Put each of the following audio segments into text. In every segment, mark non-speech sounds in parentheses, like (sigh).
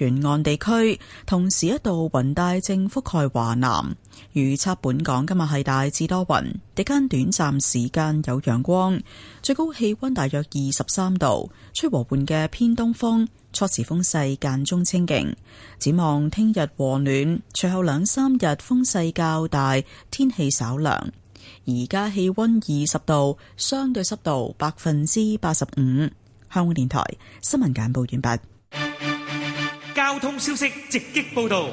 沿岸地區，同時一道雲帶正覆蓋華南。預測本港今日係大致多雲，日間短暫時間有陽光。最高氣溫大約二十三度，吹和緩嘅偏東風，初時風勢間中清勁。展望聽日和暖，隨後兩三日風勢較大，天氣稍涼。而家氣溫二十度，相對濕度百分之八十五。香港電台新聞簡報完畢。交通消息直擊報道。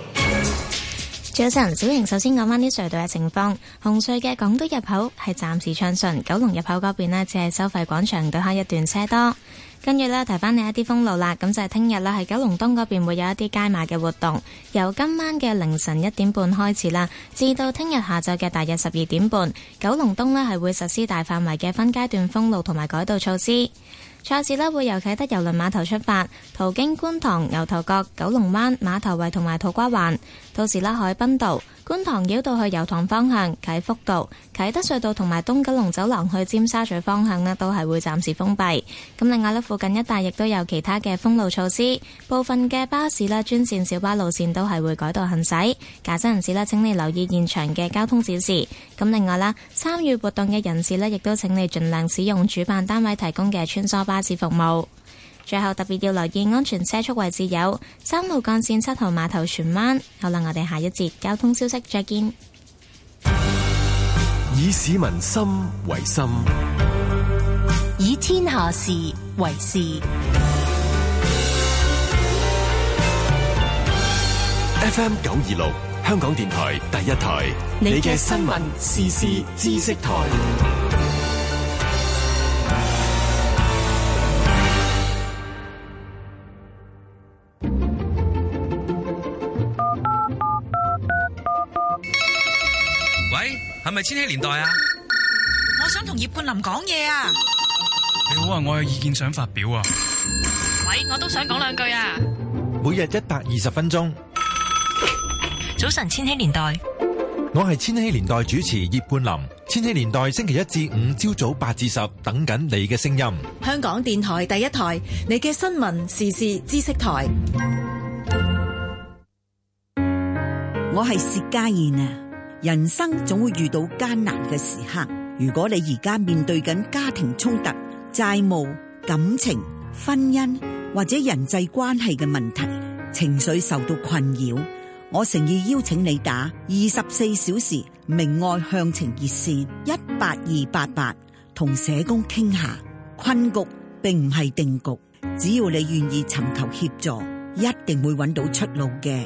早晨，小瑩首先講翻啲隧道嘅情況。紅隧嘅港島入口係暫時暢順，九龍入口嗰邊呢，只係收費廣場對開一段車多。跟住呢，提翻你一啲封路啦，咁就係聽日啦，係九龍東嗰邊會有一啲街馬嘅活動，由今晚嘅凌晨一點半開始啦，至到聽日下晝嘅大約十二點半，九龍東呢，係會實施大範圍嘅分階段封路同埋改道措施。賽事咧會由啟德郵輪碼頭出發，途經觀塘、牛頭角、九龍灣、馬頭圍同埋土瓜灣，到時咧海濱道。觀塘繞道去油塘方向，啟福道、啟德隧道同埋東九龍走廊去尖沙咀方向咧，都係會暫時封閉。咁，另外咧，附近一帶亦都有其他嘅封路措施，部分嘅巴士咧、專線小巴路線都係會改道行駛。駕駛人士咧，請你留意現場嘅交通指示。咁，另外啦，參與活動嘅人士咧，亦都請你盡量使用主辦單位提供嘅穿梭巴士服務。最後特別要留意安全車速位置有三路幹線七號碼頭船灣。好啦，我哋下一節交通消息再見。以市民心為心，以天下事為事。FM 九二六，香港電台第一台，你嘅新聞時事知識台。係咪千禧年代啊？我想同葉冠霖講嘢啊！你好啊，我有意見想發表啊！喂，我都想講兩句啊！每日一百二十分鐘。早晨，千禧年代。我係千禧年代主持葉冠霖。千禧年代星期一至五朝早八至十，等緊你嘅聲音。香港電台第一台，你嘅新聞時事知識台。我係薛家燕啊！人生總會遇到艱難嘅時刻。如果你而家面對緊家庭衝突、債務、感情、婚姻或者人際關係嘅問題，情緒受到困擾，我誠意邀請你打二十四小時明愛向情熱線一八二八八，同社工傾下。困局並唔係定局，只要你願意尋求協助，一定會揾到出路嘅。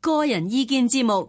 個人意見節目。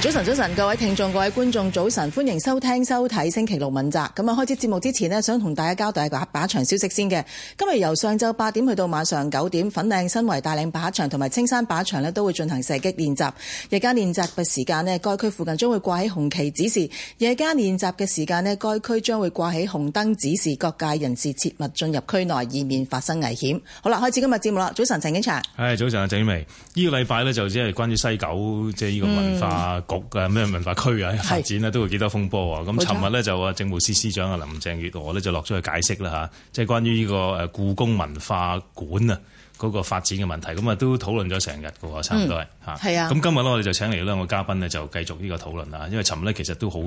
早晨，早晨，各位聽眾各位觀眾早晨，歡迎收聽收睇《星期六問責》。咁啊，開始節目之前呢，想同大家交代下靶場消息先嘅。今日由上晝八點去到晚上九點粉嶺新圍大嶺靶場同埋青山靶場咧，都會進行射擊練習，日間練習嘅時間呢，該區附近將會掛起紅旗指示；夜間練習嘅時間呢，該區將會掛起紅燈指示，各界人士切勿進入區內以免發生危險。好啦，開始今日節目啦！早晨，陳景祥。係、哎、早晨啊，鄭婉薇。依、這個禮拜咧，就只係關於西九即係呢個文化、嗯。局啊咩文化區啊發展啊，都會幾多風波啊！咁尋 (laughs) 日咧就啊政務司司長啊林鄭月娥咧就落咗去解釋啦吓，即係關於呢、這個誒、呃、故宮文化館啊。嗰個發展嘅問題，咁啊都討論咗成日㗎喎，差唔多係吓。咁今日咧，我哋就請嚟兩位嘉賓呢，就繼續呢個討論啦。因為尋日咧，其實都好，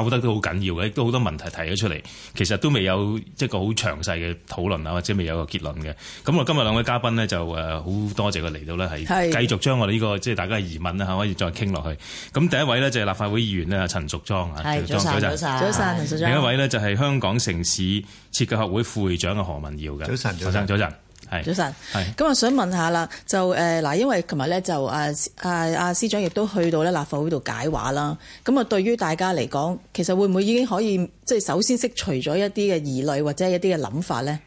拗得都好緊要嘅，都好多問題提咗出嚟，其實都未有一個好詳細嘅討論啊，或者未有個結論嘅。咁我今日兩位嘉賓呢，就誒好多謝佢嚟到呢，係繼續將我哋呢個即係大家嘅疑問咧，可以再傾落去。咁第一位呢，就係立法會議員呢，陳淑莊啊，早晨早晨，另一位呢，就係香港城市設計學會副會長嘅何文堯嘅，早晨早晨早晨。早晨，咁啊，想問下啦，就誒嗱，因為琴日咧就誒誒阿司長亦都去到咧立法會度解話啦。咁啊，對於大家嚟講，其實會唔會已經可以即係首先釋除咗一啲嘅疑慮或者一啲嘅諗法咧？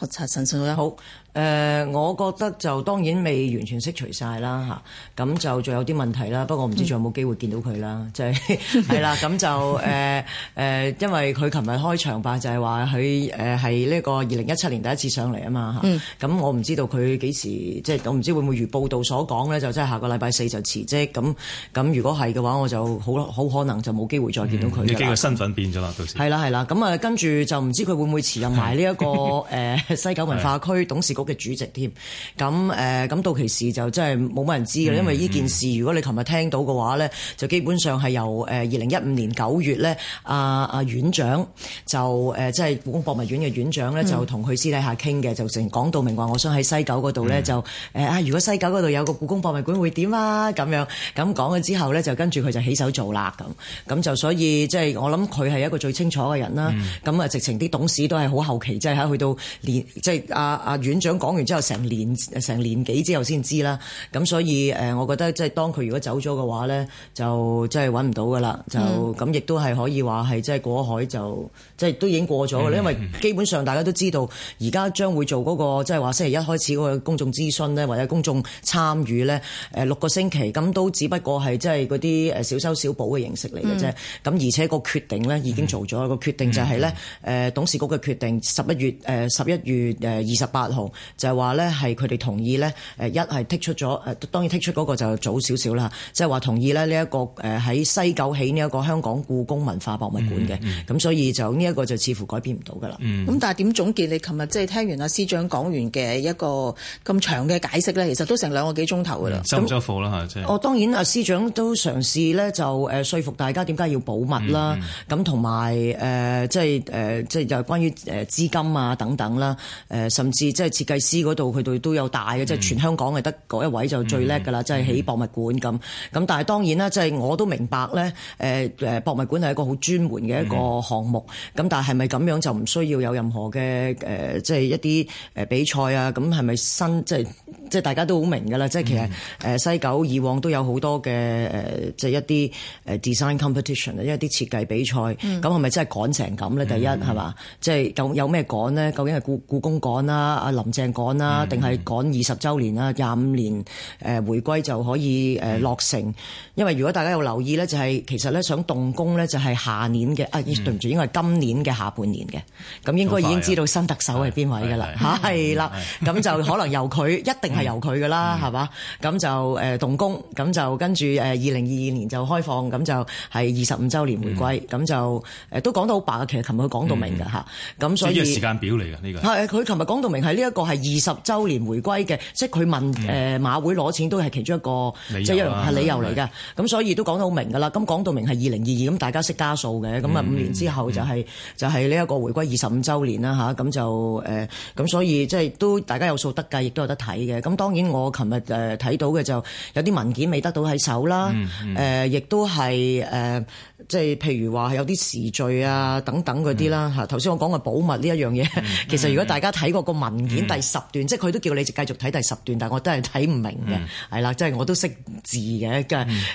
陳陳神信任好。誒，我覺得就當然未完全釋除晒啦嚇，咁就仲有啲問題啦。不過我唔知仲有冇機會見到佢啦，就係係啦。咁就誒誒，因為佢琴日開場白，就係話佢誒係呢個二零一七年第一次上嚟啊嘛。咁我唔知道佢幾時，即係我唔知會唔會如報道所講咧，就即係下個禮拜四就辭職。咁咁如果係嘅話，我就好好可能就冇機會再見到佢啦。你嘅身份變咗啦，到時係啦係啦。咁啊跟住就唔知佢會唔會辭任埋呢一個誒西九文化區董事局。嘅主席添，咁誒咁到其時就真係冇乜人知嘅，因為呢件事如果你琴日聽到嘅話咧，就基本上係由誒二零一五年九月咧，阿、啊、阿院長就誒即係故宮博物院嘅院長咧，就同佢私底下傾嘅，就成講到明話我想喺西九嗰度咧就誒啊，如果西九嗰度有個故宮博物館會點啊咁樣，咁講咗之後咧，就跟住佢就起手做啦咁，咁就所以即係、就是、我諗佢係一個最清楚嘅人啦，咁啊、嗯嗯嗯、直情啲董事都係好後期，即係吓去到年即係阿阿院長，講完之後成年成年幾之後先知啦，咁所以誒，我覺得即係當佢如果走咗嘅話咧，就即係搵唔到噶啦，就咁亦都係可以話係即係過海就即係都已經過咗啦。Mm. 因為基本上大家都知道，而家將會做嗰個即係話星期一開始嗰個公眾諮詢咧，或者公眾參與咧，誒六個星期，咁都只不過係即係嗰啲誒小修小補嘅形式嚟嘅啫。咁、mm. 而且個決定咧已經做咗，mm. 個決定就係咧誒董事局嘅決定，十一月誒十一月誒二十八號。就係話咧，係佢哋同意咧，誒一係剔出咗，誒當然剔出嗰個就早少少啦，即係話同意咧呢一個誒喺西九起呢一個香港故宮文化博物館嘅，咁、嗯嗯、所以就呢一個就似乎改變唔到噶啦。咁、嗯、但係點總結？你琴日即係聽完阿司長講完嘅一個咁長嘅解釋咧，其實都成兩個幾鐘頭噶啦，收咗貨啦嚇，即係那哦，當然阿司長都嘗試咧就誒説服大家點解要保密啦，咁同埋誒即係誒即係又係關於誒資金啊等等啦，誒甚至即係設計。大師度，佢哋都有大嘅，即係全香港係得一位就最叻噶啦，即係起博物館咁。咁但係當然啦，即係我都明白咧。誒誒博物館係一個好專門嘅一個項目。咁但係係咪咁樣就唔需要有任何嘅誒即係一啲誒比賽啊？咁係咪新即係即係大家都好明噶啦？即係其實誒西九以往都有好多嘅誒即係一啲誒 design competition 啊，一啲設計比賽，咁係咪真係趕成咁咧？第一係嘛？即係有有咩趕咧？究竟係故故宮趕啦？阿林？正趕啦，定係趕二十週年啦，廿五年誒回歸就可以誒落成。因為如果大家有留意咧，就係其實咧想動工咧，就係下年嘅啊，對唔住，應該係今年嘅下半年嘅。咁應該已經知道新特首係邊位㗎啦嚇，係啦。咁就可能由佢，一定係由佢㗎啦，係嘛？咁就誒動工，咁就跟住誒二零二二年就開放，咁就係二十五週年回歸，咁就誒都講得好白嘅。其實琴日佢講到明㗎嚇，咁所以時間表嚟㗎呢個係佢琴日講到明係呢一個。係二十週年回歸嘅，即係佢問誒馬會攞錢都係其中一個，即係一樣係理由嚟嘅。咁所以都講得好明㗎啦。咁講到明係二零二二，咁大家識加數嘅。咁啊，五年之後就係就係呢一個回歸二十五週年啦嚇。咁就誒，咁所以即係都大家有數得計，亦都有得睇嘅。咁當然我琴日誒睇到嘅就有啲文件未得到喺手啦。誒，亦都係誒，即係譬如話係有啲時序啊等等嗰啲啦嚇。頭先我講嘅保密呢一樣嘢，其實如果大家睇過個文件。第十段，即係佢都叫你哋繼續睇第十段，但係我都係睇唔明嘅，係啦、嗯，即係我都識字嘅，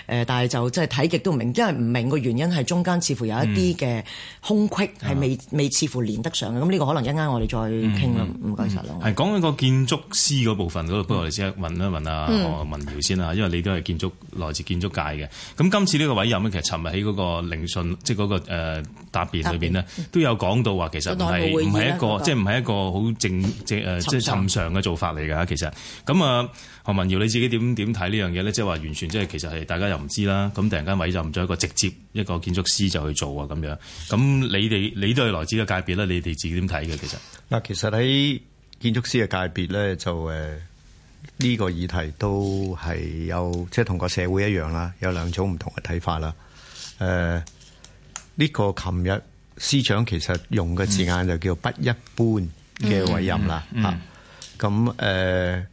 嗯、但係就即係睇極都唔明，因為唔明嘅原因係中間似乎有一啲嘅空隙係未、嗯、未似乎連得上嘅，咁、這、呢個可能一間我哋再傾啦，唔該曬你。係講緊個建築師嗰部分不如、嗯、我哋先問一問阿文堯先啊，因為你都係建築來自建築界嘅，咁今次呢個委任咧，其實尋日喺嗰個聆訊，即係嗰個答辯裏邊呢，都辯、嗯、有講到話其實唔係一個，即係唔係一個好正正、呃即係尋常嘅做法嚟㗎，其實咁啊，何文堯你自己點點睇呢樣嘢咧？即係話完全即係其實係大家又唔知啦。咁突然間委任咗一個直接一個建築師就去做啊咁樣。咁你哋你都係來自嘅界別咧，你哋自己點睇嘅其實？嗱，其實喺建築師嘅界別咧，就誒呢個議題都係有即係同個社會一樣啦，有兩種唔同嘅睇法啦。誒呢個琴日司長其實用嘅字眼就叫不一般。嘅委任啦嚇，咁誒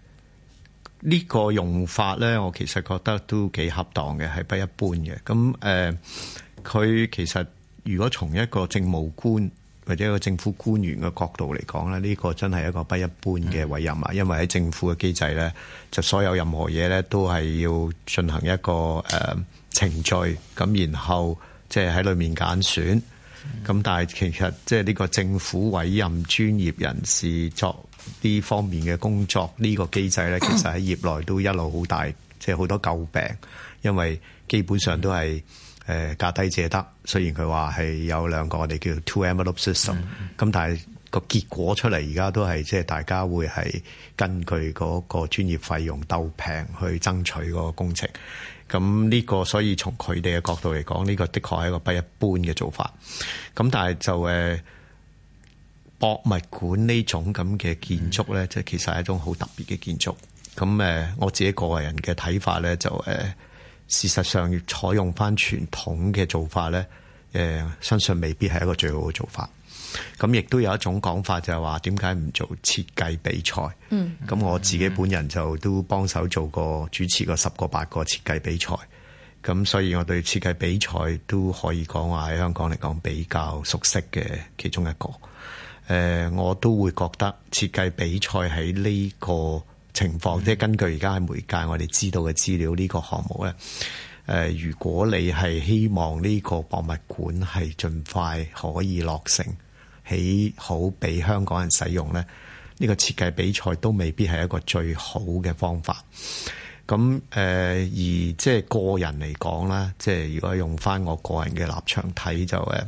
呢個用法呢，我其實覺得都幾恰當嘅，係不一般嘅。咁、啊、誒，佢其實如果從一個政務官或者一個政府官員嘅角度嚟講呢，呢、這個真係一個不一般嘅委任啊！因為喺政府嘅機制呢，就所有任何嘢呢，都係要進行一個誒、呃、程序，咁然後即係喺裡面揀選。咁、嗯、但係其實即係呢個政府委任專業人士作呢方面嘅工作，呢個機制呢，其實喺業內都一路好大， (coughs) 即係好多詬病，因為基本上都係誒價低者得，雖然佢話係有兩個我哋叫 two envelope system，咁、嗯、但係個結果出嚟而家都係即係大家會係根據嗰個專業費用鬥平去爭取嗰個工程。咁呢個所以從佢哋嘅角度嚟講，呢個的確係一個不一般嘅做法。咁但係就誒博物館呢種咁嘅建築咧，即係其實係一種好特別嘅建築，咁誒我自己個人嘅睇法咧，就誒事實上要採用翻傳統嘅做法咧，誒相信未必係一個最好嘅做法。咁亦都有一種講法就係話點解唔做設計比賽？咁、嗯、我自己本人就都幫手做過主持過十個八個設計比賽，咁所以我對設計比賽都可以講話喺香港嚟講比較熟悉嘅其中一個。誒、呃，我都會覺得設計比賽喺呢個情況，即係、嗯、根據而家喺媒介，我哋知道嘅資料，呢個項目咧。誒、呃，如果你係希望呢個博物館係盡快可以落成。起好俾香港人使用呢，呢、這個設計比賽都未必係一個最好嘅方法。咁、呃、誒而即係個人嚟講啦，即係如果用翻我個人嘅立場睇就誒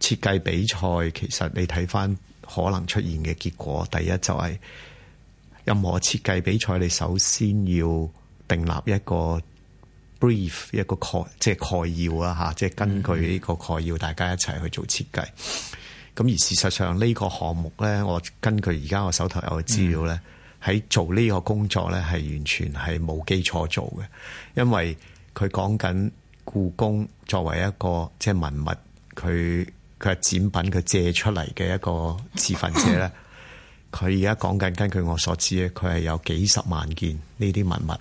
設計比賽，其實你睇翻可能出現嘅結果，第一就係、是、任何設計比賽，你首先要訂立一個 brief 一個概即係概要啦嚇，即係根據呢個概要，大家一齊去做設計。咁而事實上呢、呢個項目呢，我根據而家我手頭有嘅資料呢，喺、嗯、做呢個工作呢，係完全係冇基礎做嘅，因為佢講緊故宮作為一個即係文物，佢，佢係展品，佢借出嚟嘅一個自憤者呢，佢而家講緊，根據我所知咧，佢係有幾十萬件呢啲文物。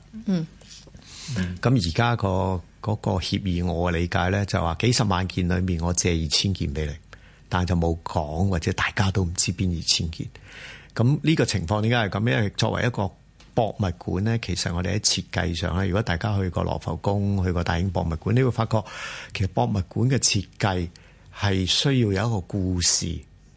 嗯，咁而家個嗰、嗰個協議，我嘅理解呢，就話幾十萬件裏面，我借二千件俾你。但就冇講，或者大家都唔知邊二千件。咁呢個情況點解係咁？因為作為一個博物館咧，其實我哋喺設計上咧，如果大家去過羅浮宮，去過大英博物館，你會發覺其實博物館嘅設計係需要有一個故事，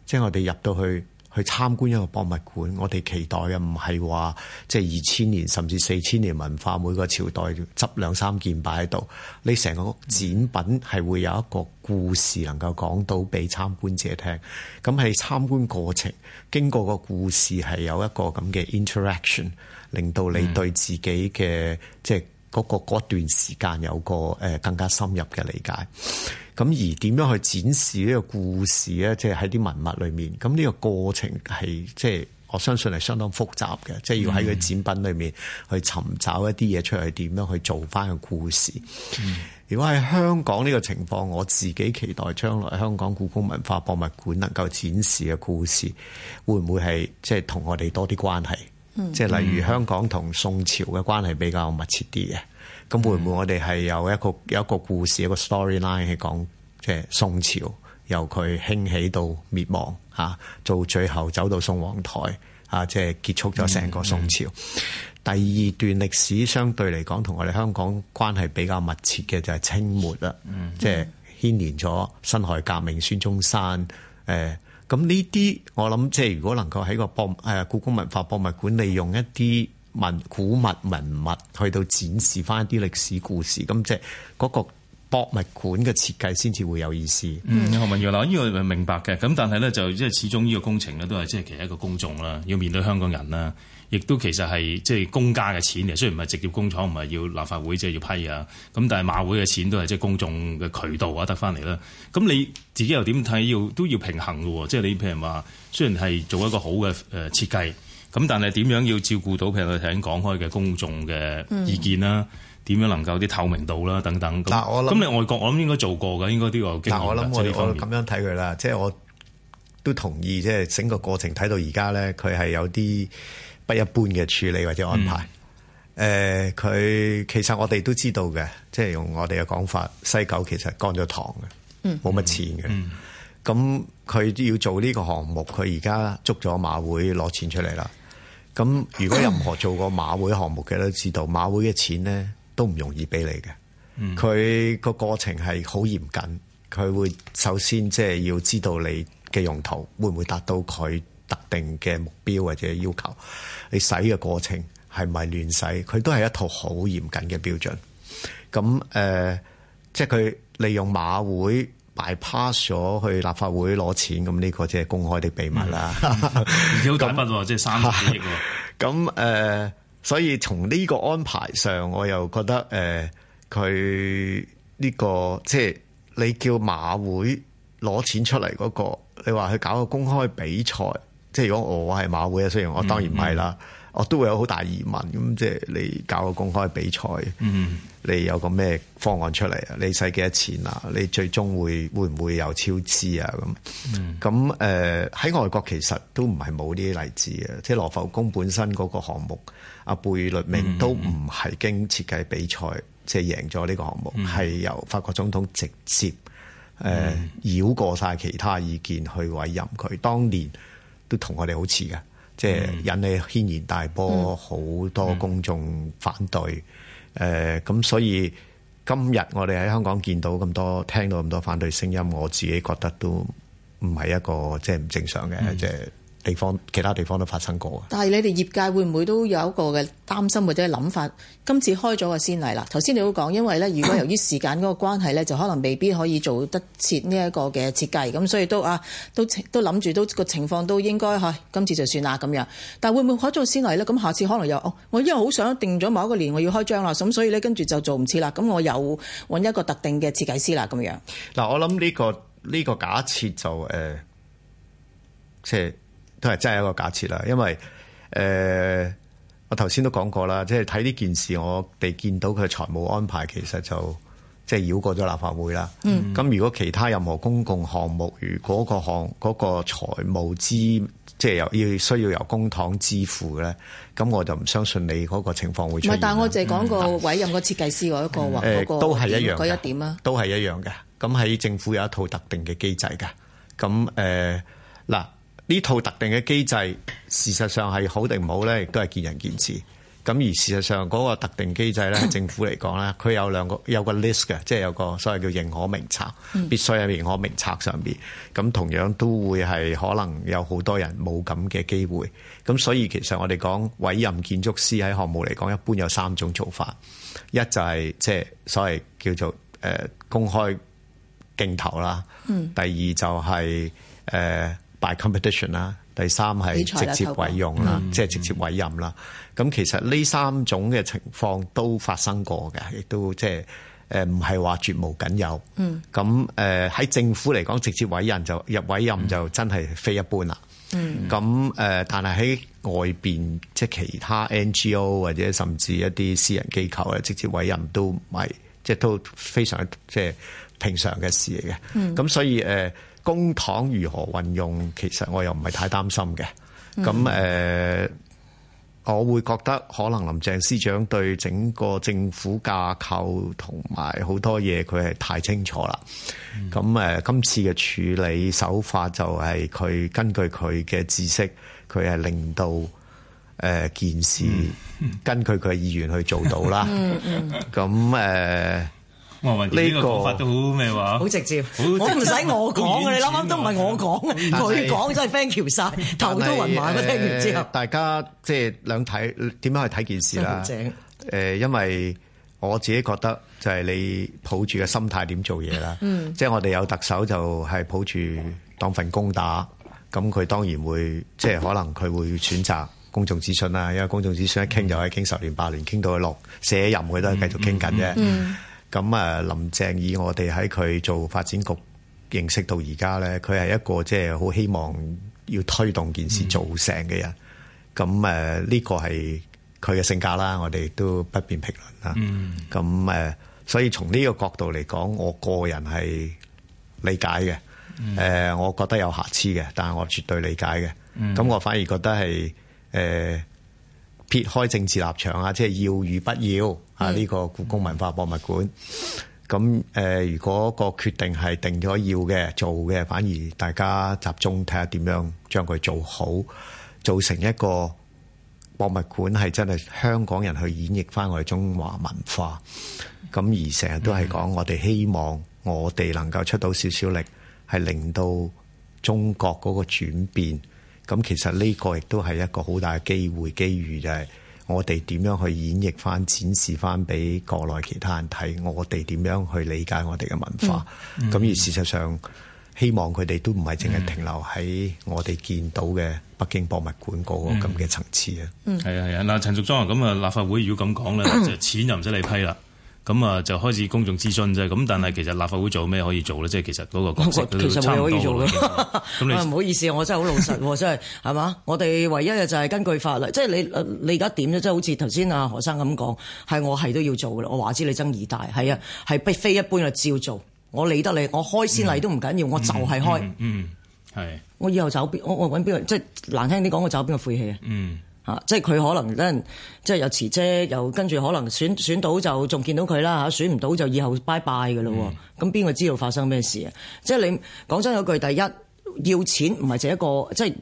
即係我哋入到去。去參觀一個博物館，我哋期待嘅唔係話即係二千年甚至四千年文化每個朝代執兩三件擺喺度，你成個展品係會有一個故事能夠講到俾參觀者聽。咁係參觀過程，經過個故事係有一個咁嘅 interaction，令到你對自己嘅、嗯、即嗰、那個嗰段時間有個誒、呃、更加深入嘅理解，咁而點樣去展示呢個故事咧？即係喺啲文物裏面，咁呢個過程係即係我相信係相當複雜嘅，即、就、係、是、要喺佢展品裏面去尋找一啲嘢出去，點樣去做翻個故事？嗯、如果喺香港呢個情況，我自己期待將來香港故宮文化博物館能夠展示嘅故事會會，會唔會係即係同我哋多啲關係？即係例如香港同宋朝嘅關係比較密切啲嘅，咁會唔會我哋係有一個有一個故事、嗯、一個 storyline 係講，即係宋朝由佢興起到滅亡嚇，到最後走到宋皇台啊，即係結束咗成個宋朝。嗯嗯、第二段歷史相對嚟講，同我哋香港關係比較密切嘅就係清末啦，嗯嗯、即係牽連咗辛亥革命、孫中山誒。呃咁呢啲我諗即係如果能夠喺個博誒故宮文化博物館利用一啲文古物文物去到展示翻一啲歷史故事，咁即係嗰個博物館嘅設計先至會有意思。嗯，何文堯啦，呢個明白嘅，咁但係咧就即係始終呢個工程咧都係即係其實一個公眾啦，要面對香港人啦。亦都其實係即係公家嘅錢嚟，雖然唔係直接工廠，唔係要立法會即係、就是、要批啊。咁但係馬會嘅錢都係即係公眾嘅渠道啊，得翻嚟啦。咁你自己又點睇？要都要平衡㗎喎。即係你譬如話，雖然係做一個好嘅誒設計，咁但係點樣要照顧到譬如頭先講開嘅公眾嘅意見啦？點、嗯、樣能夠啲透明度啦等等。嗱、嗯，我諗咁你外國，我諗應該做過㗎，應該啲個我諗、就是、我呢咁樣睇佢啦。即係我都同意，即、就、係、是、整個過程睇到而家咧，佢係有啲。不一般嘅處理或者安排，誒佢、mm. 呃、其實我哋都知道嘅，即係用我哋嘅講法，西九其實乾咗塘，嘅、mm.，冇乜錢嘅。咁佢要做呢個項目，佢而家捉咗馬會攞錢出嚟啦。咁如果任何做過馬會項目嘅、mm. 都知道，馬會嘅錢呢都唔容易俾你嘅。佢個、mm. 過程係好嚴謹，佢會首先即係要知道你嘅用途會唔會達到佢。特定嘅目標或者要求，你使嘅過程係咪亂使？佢都係一套好嚴謹嘅標準。咁誒、呃，即係佢利用馬會 bypass 咗去立法會攞錢。咁呢個即係公開的秘密啦。唔瞭解乜喎？ (laughs) 那是即係三千億，咁誒，所以從呢個安排上，我又覺得誒，佢、呃、呢、這個即係你叫馬會攞錢出嚟嗰、那個，你話去搞個公開比賽。即係如果我係馬會啊，雖然我當然唔係啦，嗯、我都會有好大疑問。咁即係你搞個公開比賽，嗯、你有個咩方案出嚟啊？你使幾多錢啊？你最終會會唔會有超支啊？咁咁誒喺外國其實都唔係冇呢啲例子嘅，即係羅浮宮本身嗰個項目，阿貝聿銘都唔係經設計比賽，即係贏咗呢個項目係、嗯、由法國總統直接誒、呃、繞過晒其他意見去委任佢當年。都同我哋好似嘅，即係引起軒然大波，好、嗯、多公眾反對。誒、嗯，咁、呃、所以今日我哋喺香港見到咁多、聽到咁多反對聲音，我自己覺得都唔係一個即係唔正常嘅即係。嗯地方其他地方都發生過，但係你哋業界會唔會都有一個嘅擔心或者諗法？今次開咗個先例啦。頭先你都講，因為呢，如果由於時間嗰個關係呢， (coughs) 就可能未必可以做得切呢一個嘅設計。咁所以都啊，都都諗住都，都個情況都應該嚇，今次就算啦咁樣。但係會唔會開咗先例呢？咁下次可能又哦，我因為好想定咗某一個年我要開張啦，咁所以呢，跟住就做唔切啦。咁我又揾一個特定嘅設計師啦咁樣。嗱、啊，我諗呢、呢個呢、呢個假設就誒，即、呃、係。就是都係真係一個假設啦，因為誒、呃，我頭先都講過啦，即係睇呢件事，我哋見到佢財務安排其實就即係繞過咗立法會啦。嗯。咁如果其他任何公共項目，如果個項嗰、嗰個財務支，即係由要需要由公帑支付咧，咁我就唔相信你嗰個情況會出現。但係我淨係講個委任、嗯、個設計師嗰一個、嗯呃、都係一樣一點啊，都係一樣嘅。咁喺政府有一套特定嘅機制嘅。咁誒嗱。呃呢套特定嘅機制，事實上係好定唔好呢？亦都係見仁見智。咁而事實上嗰、那個特定機制呢，政府嚟講呢佢有兩個有個 list 嘅，即係有個所謂叫認可名冊，必須喺認可名冊上面。咁同樣都會係可能有好多人冇咁嘅機會。咁所以其實我哋講委任建築師喺項目嚟講，一般有三種做法：一就係即係所謂叫做誒、呃、公開競投啦；第二就係、是、誒。呃 by competition 啦，第三係直接委用啦，即係直接委任啦。咁、嗯、其實呢三種嘅情況都發生過嘅，亦都即係誒唔係話絕無僅有。嗯，咁誒喺政府嚟講，直接委任就入委任就真係非一般啦。嗯，咁誒，但係喺外邊即係其他 NGO 或者甚至一啲私人機構嘅直接委任都唔係，即係都非常即係平常嘅事嚟嘅。咁、嗯、所以誒。呃公帑如何運用，其實我又唔係太擔心嘅。咁誒、嗯呃，我會覺得可能林鄭司長對整個政府架構同埋好多嘢，佢係太清楚啦。咁誒、嗯呃，今次嘅處理手法就係佢根據佢嘅知識，佢係令到誒、呃、件事根據佢嘅意願去做到啦。咁誒。呢個講法都好咩話？好直接，我都唔使我講嘅，你諗下都唔係我講，佢講真係 friend 橋晒頭都暈埋。我聽完之後，大家即係兩睇點樣去睇件事啦。誒，因為我自己覺得就係你抱住嘅心態點做嘢啦。即係我哋有特首就係抱住當份工打，咁佢當然會即係可能佢會選擇公眾諮詢啦。因為公眾諮詢一傾就可以傾十年八年，傾到去佢卸任，佢都係繼續傾緊啫。咁啊，林鄭以我哋喺佢做發展局認識到而家，呢佢係一個即係好希望要推動件事做成嘅人。咁誒、嗯，呢個係佢嘅性格啦，我哋都不便評論啦。咁誒、嗯嗯，所以從呢個角度嚟講，我個人係理解嘅。誒、嗯呃，我覺得有瑕疵嘅，但係我絕對理解嘅。咁、嗯、我反而覺得係誒。呃撇開政治立場啊，即係要與不要、嗯、啊！呢、這個故宮文化博物館，咁誒、嗯呃，如果個決定係定咗要嘅、做嘅，反而大家集中睇下點樣將佢做好，做成一個博物館，係真係香港人去演繹返我哋中華文化。咁、嗯、而成日都係講，我哋希望我哋能夠出到少少力，係令到中國嗰個轉變。咁其實呢個亦都係一個好大嘅機會機遇，就係我哋點樣去演繹返、展示返俾國內其他人睇，我哋點樣去理解我哋嘅文化。咁、嗯、而事實上，希望佢哋都唔係淨係停留喺我哋見到嘅北京博物館嗰個咁嘅層次啊、嗯。嗯，啊係啊。嗱、啊，陳淑莊啊，咁啊，立法會如果咁講咧，即係 (coughs) 錢又唔使你批啦。咁啊，就開始公眾諮詢啫。咁但係其實立法會做咩可以做咧？即係其實嗰個角色都要差唔多啦。咁你唔好意思，我真係好老實喎，真係係嘛？我哋唯一嘅就係根據法律，即係你你而家點咧？即係好似頭先阿何生咁講，係我係都要做嘅。我話知你爭議大，係啊，係非非一般啊，照做。我理得你，我開先例都唔緊要，嗯、我就係開嗯。嗯，係、嗯。我以後走邊我我揾邊個？即係難聽啲講，我走邊個晦氣啊？嗯。即係佢可能咧，即係又辭職，又跟住可能選選到就仲見到佢啦吓，選唔到就以後拜拜噶咯。咁邊個知道發生咩事啊？即係你講真嗰句，第一要錢唔係淨一個即係。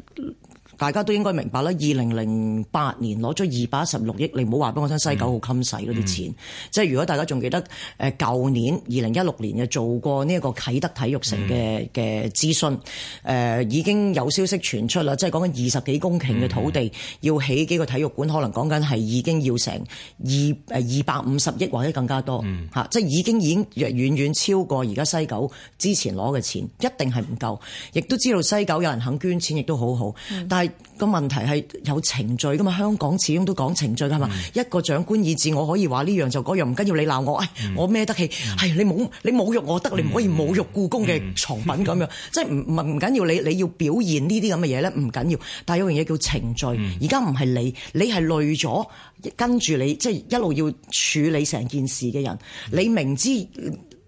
大家都應該明白啦，二零零八年攞咗二百一十六億，你唔好話俾我聽西九好襟使咯啲錢。嗯嗯、即係如果大家仲記得誒舊年二零一六年嘅做過呢一個啟德體育城嘅嘅、嗯、諮詢、呃，已經有消息傳出啦，即係講緊二十幾公頃嘅土地要起幾個體育館，可能講緊係已經要成二百五十億或者更加多嚇，嗯、即係已經已經遠遠超過而家西九之前攞嘅錢，一定係唔夠。亦都知道西九有人肯捐錢，亦都好好，但係、嗯。個問題係有程序噶嘛？香港始終都講程序噶嘛、嗯？一個長官意志，我可以話呢樣就嗰樣，唔緊要你鬧我，哎，嗯、我孭得起？係你侮你侮辱我得，你唔、嗯、可以侮辱故宮嘅藏品咁、嗯、樣，即係唔唔緊要你你要表現呢啲咁嘅嘢咧，唔緊要。但係有樣嘢叫程序，而家唔係你，你係累咗跟住你，即、就、係、是、一路要處理成件事嘅人，嗯、你明知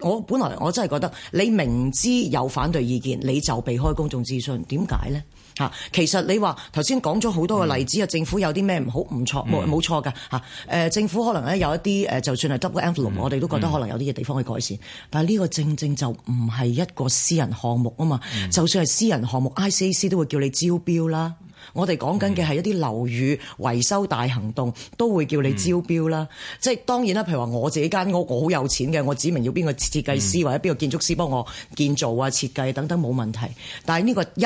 我本來我真係覺得你明知有反對意見，你就避開公眾諮詢，點解呢？嚇，其實你話頭先講咗好多嘅例子啊，嗯、政府有啲咩唔好唔錯冇冇錯㗎嚇？誒、嗯呃，政府可能咧有一啲誒，就算係 double envelope，、嗯、我哋都覺得可能有啲嘢地方去改善，嗯、但係呢個正正就唔係一個私人項目啊嘛，嗯、就算係私人項目，ICAC 都會叫你招標啦。我哋講緊嘅係一啲樓宇維修大行動，都會叫你招標啦。嗯、即係當然啦，譬如話我自己間屋，我好有錢嘅，我指明要邊個設計師、嗯、或者邊個建築師幫我建造啊、設計等等冇問題。但係、呢、呢個一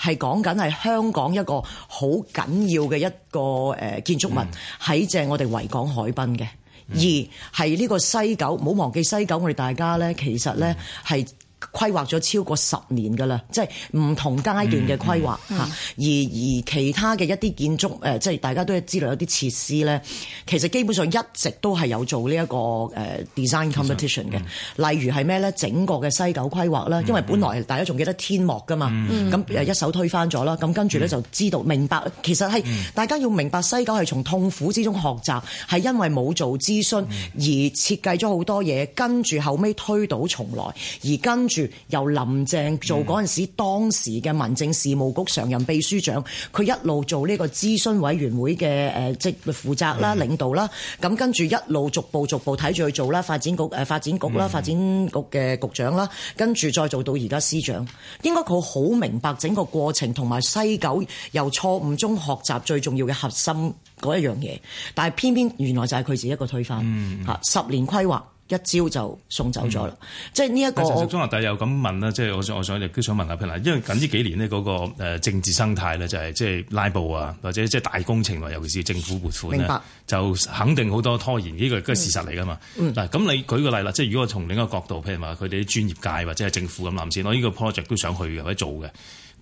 係講緊係香港一個好緊要嘅一個誒建築物喺正、嗯、我哋維港海濱嘅。二係呢個西九，冇忘記西九，我哋大家咧其實咧係。嗯規劃咗超過十年嘅啦，即係唔同階段嘅規劃吓。嗯嗯、而而其他嘅一啲建築，誒、呃、即係大家都係知道有啲設施咧，其實基本上一直都係有做呢、這、一個誒、呃、design competition 嘅、嗯。嗯、例如係咩咧？整個嘅西九規劃啦，因為本來大家仲記得天幕㗎嘛，咁誒、嗯嗯嗯、一手推翻咗啦。咁跟住咧就知道、嗯、明白，其實係、嗯、大家要明白西九係從痛苦之中學習，係因為冇做諮詢而設計咗好多嘢，跟住後屘推倒重來，而跟。由林鄭做嗰陣時，當時嘅民政事務局常任秘書長，佢一路做呢個諮詢委員會嘅誒即負責啦、領導啦，咁跟住一路逐步逐步睇住去做啦，發展局誒發展局啦，發展局嘅局，局長啦，跟住再做到而家司長，應該佢好明白整個過程同埋西九由錯誤中學習最重要嘅核心嗰一樣嘢，但係偏偏原來就係佢自己一個推翻吓、嗯、十年規劃。一招就送走咗啦，的即係呢一個。其實中華大有咁問啦，即、就、係、是、我想我想亦都想問下 Peter 因為近呢幾年呢嗰個誒政治生態咧就係即係拉布啊，或者即係大工程啊，尤其是政府撥款咧，白就肯定好多拖延，呢個都係事實嚟噶嘛。嗱、嗯，咁你舉個例啦，即係如果我從另一個角度，譬如話佢哋啲專業界或者係政府咁諗先，我、這、呢個 project 都想去嘅或者做嘅。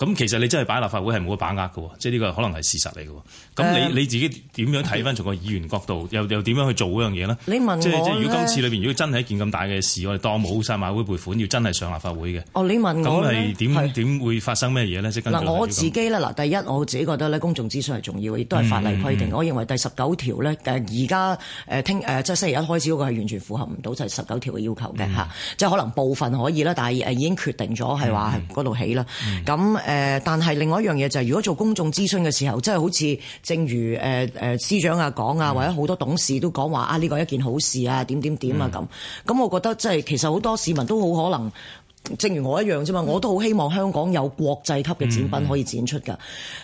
咁其實你真係擺立法會係冇個把握嘅喎，即係呢個可能係事實嚟嘅喎。咁你、呃、你自己點樣睇翻從個議員角度，又又點樣去做嗰樣嘢呢？你呢、哦？你問我咧？即係如果今次裏邊如果真係一件咁大嘅事，我哋當冇晒馬會撥款，要真係上立法會嘅。哦，你問我咁係點點會發生咩嘢呢？即嗱、呃，我自己咧，嗱，第一我自己覺得咧，公眾諮詢係重要嘅，亦都係法例規定。嗯、我認為第十九條咧，誒而家誒聽誒，即係星期一開始嗰個係完全符合唔到，就係十九條嘅要求嘅吓、嗯嗯，即係可能部分可以啦，但係已經決定咗係話嗰度起啦。咁誒、嗯。嗯嗯誒，但係另外一樣嘢就係，如果做公眾諮詢嘅時候，即係好似正如誒誒司長啊講啊，或者好多董事都講話啊，呢個一件好事啊，點點點啊咁，咁咁我覺得即係其實好多市民都好可能。正如我一樣啫嘛，我都好希望香港有國際級嘅展品可以展出㗎。嗯、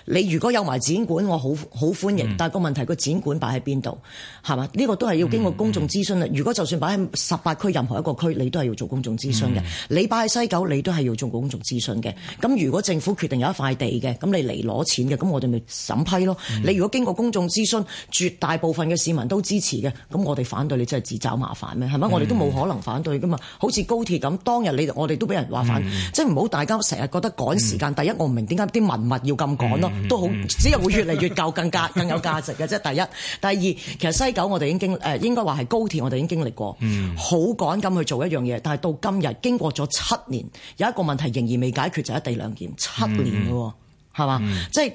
你如果有埋展館，我好好歡迎。嗯、但係個問題，個展館擺喺邊度係嘛？呢、呢個都係要經過公眾諮詢啦。嗯、如果就算擺喺十八區任何一個區，你都係要做公眾諮詢嘅。嗯、你擺喺西九，你都係要做公眾諮詢嘅。咁如果政府決定有一塊地嘅，咁你嚟攞錢嘅，咁我哋咪審批咯。嗯、你如果經過公眾諮詢，絕大部分嘅市民都支持嘅，咁我哋反對你真係自找麻煩咩？係咪？我哋都冇可能反對㗎嘛。好似高鐵咁，當日你我哋都。俾人話返，嗯、即係唔好大家成日覺得趕時間。嗯、第一，我唔明點解啲文物要咁趕咯，嗯嗯、都好只係會越嚟越舊，更加 (laughs) 更有價值嘅。即第一，第二，其實西九我哋已經經誒應該話係高鐵，我哋已經經歷過，好、嗯、趕咁去做一樣嘢。但係到今日經過咗七年，有一個問題仍然未解決，就係、一地兩檢七年㗎喎，係嘛？即係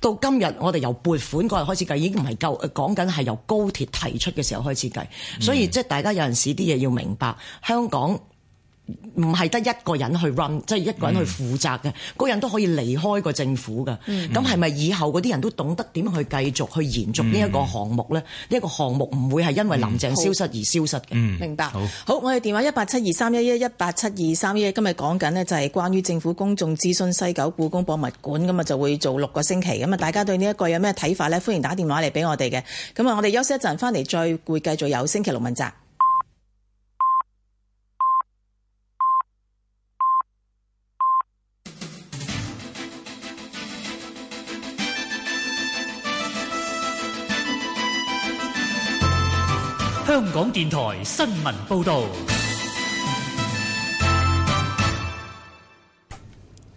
到今日我哋由撥款嗰日開始計，已經唔係夠，講緊係由高鐵提出嘅時候開始計。所以即係、嗯、大家有陣時啲嘢要明白，香港。香港唔係得一個人去 run，即係一個人去負責嘅，嗰、嗯、人都可以離開個政府㗎。咁係咪以後嗰啲人都懂得點去繼續去延續呢一個項目呢？呢一、嗯、個項目唔會係因為林鄭消失而消失嘅。嗯、好明白。好，好，我哋電話一八七二三一一一八七二三一，一。今日講緊呢就係關於政府公眾諮詢西九故宮博物館，咁啊就會做六個星期。咁啊，大家對呢一個有咩睇法呢？歡迎打電話嚟俾我哋嘅。咁啊，我哋休息一陣，翻嚟再會繼續有星期六問責。香港電台新聞報道：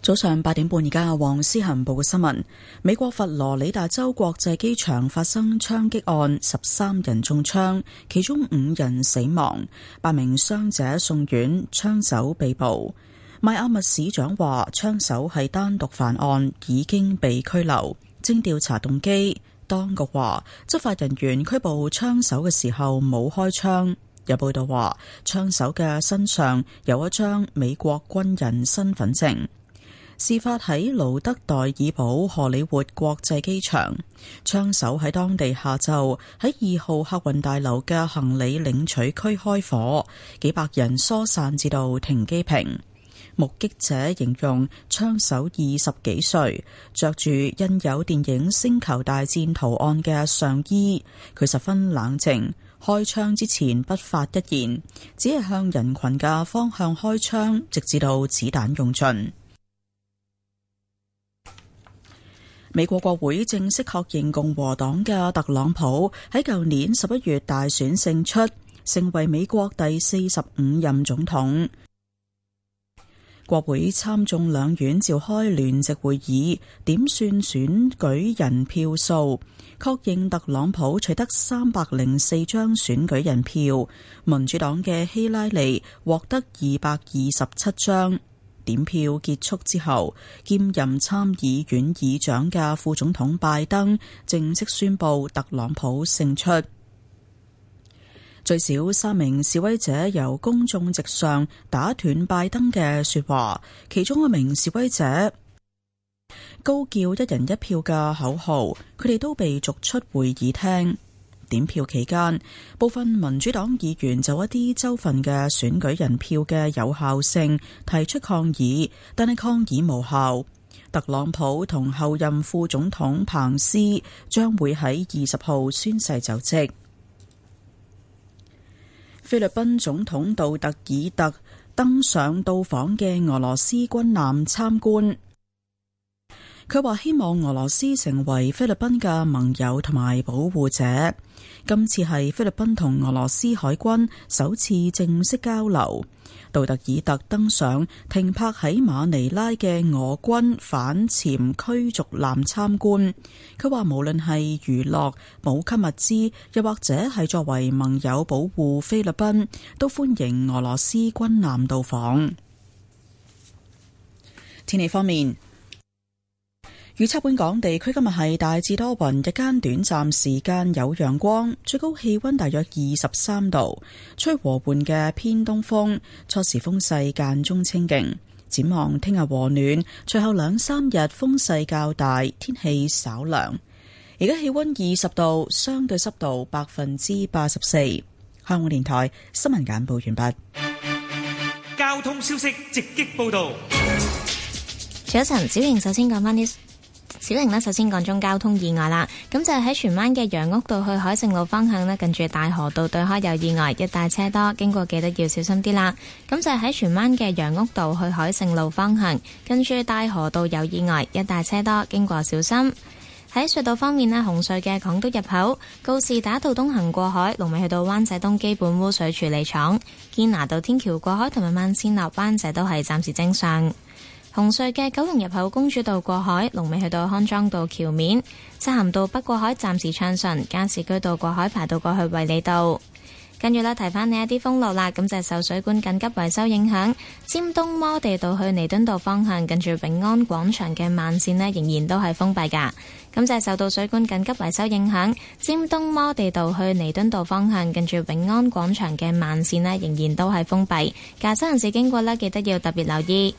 早上八點半，而家黃思恒報嘅新聞。美國佛羅里達州國際機場發生槍擊案，十三人中槍，其中五人死亡，八名傷者送院，槍手被捕。邁阿密市長話，槍手係單獨犯案，已經被拘留，正調查動機。當局話，執法人員拘捕槍手嘅時候冇開槍。有報道話，槍手嘅身上有一張美國軍人身份證。事發喺勞德代爾堡荷里活國際機場，槍手喺當地下晝喺二號客運大樓嘅行李領取區開火，幾百人疏散至到停機坪。目擊者形容槍手二十幾歲，着住印有電影《星球大戰》圖案嘅上衣，佢十分冷靜，開槍之前不發一言，只係向人群嘅方向開槍，直至到子彈用盡。美國國會正式確認共和黨嘅特朗普喺舊年十一月大選勝出，成為美國第四十五任總統。國會參眾兩院召開聯席會議，點算選舉人票數，確認特朗普取得三百零四張選舉人票，民主黨嘅希拉里獲得二百二十七張。點票結束之後，兼任參議院議長嘅副總統拜登正式宣布特朗普勝出。最少三名示威者由公眾席上打斷拜登嘅說話，其中一名示威者高叫“一人一票”嘅口號，佢哋都被逐出會議廳。點票期間，部分民主黨議員就一啲州份嘅選舉人票嘅有效性提出抗議，但係抗議無效。特朗普同候任副總統彭斯將會喺二十號宣誓就職。菲律賓總統杜特爾特登上到訪嘅俄羅斯軍艦參觀，佢話希望俄羅斯成為菲律賓嘅盟友同埋保護者。今次係菲律賓同俄羅斯海軍首次正式交流，杜特爾特登上停泊喺馬尼拉嘅俄軍反潛驅逐艦參觀。佢話無論係娛樂、補給物資，又或者係作為盟友保護菲律賓，都歡迎俄羅斯軍艦到訪。天氣方面。預測本港地區今日係大致多雲，日間短暫時間有陽光，最高氣溫大約二十三度，吹和緩嘅偏東風，初時風勢間中清勁。展望聽日和暖，最後兩三日風勢較大，天氣稍涼。而家氣溫二十度，相對濕度百分之八十四。香港電台新聞簡報完畢。交通消息直擊報道。早晨，小瑩，首先講翻小玲呢，首先講中交通意外啦，咁就喺荃灣嘅楊屋道去海盛路方向呢，近住大河道對開有意外，一帶車多，經過記得要小心啲啦。咁就喺荃灣嘅楊屋道去海盛路方向，跟住大河道有意外，一帶車多，經過小心。喺隧道方面呢，紅隧嘅港督入口告士打道東行過海，龍尾去到灣仔東基本污水處理廠堅拿道天橋過海同埋慢線落灣仔都係暫時正常。紅隧嘅九龍入口公主道過海，龍尾去到康莊道橋面；漆咸道北過海暫時暢順，加士居道過海排到過去衛理道。跟住呢，提翻你一啲封路啦。咁就係受水管緊急維修影響，尖東麼地道去彌敦道方向，跟住永安廣場嘅慢綫呢，仍然都係封閉噶。咁就係受到水管緊急維修影響，尖東麼地道去彌敦道方向，跟住永安廣場嘅慢綫呢，仍然都係封閉。駕駛人士經過咧，記得要特別留意。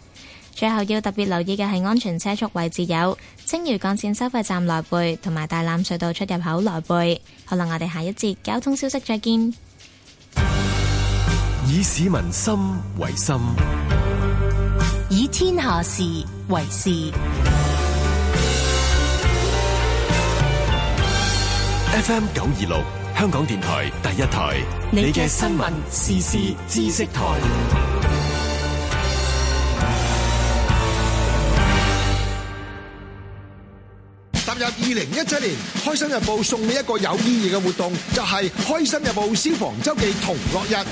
最後要特別留意嘅係安全車速位置，有青嶼幹線收費站來回，同埋大欖隧道出入口來回。好喇，我哋下一節交通消息再見。以市民心為心，以天下事為事。F M 九二六香港電台第一台，你嘅新聞時事知識台。入二零一七年，開心日報送你一個有意義嘅活動，就係開心日報消防周記同樂日。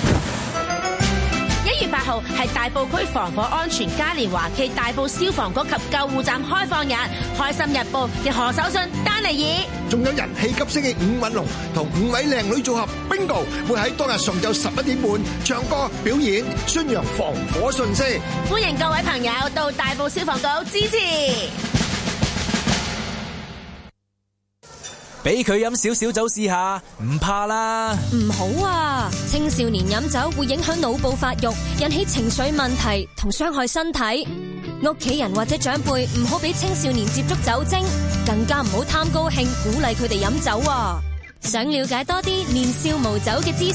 一月八號係大埔區防火安全嘉年華暨大埔消防局及救護站開放日。開心日報嘅何守信、丹尼爾，仲有人氣急升嘅伍允龍同五位靚女組合 Bingo，會喺當日上晝十一點半唱歌表演，宣揚防火信息。歡迎各位朋友到大埔消防局支持。俾佢飲少少酒試下，唔怕啦。唔好啊，青少年飲酒會影響腦部發育，引起情緒問題同傷害身體。屋企人或者長輩唔好俾青少年接觸酒精，更加唔好貪高興鼓勵佢哋飲酒啊！想了解多啲年少無酒嘅資訊，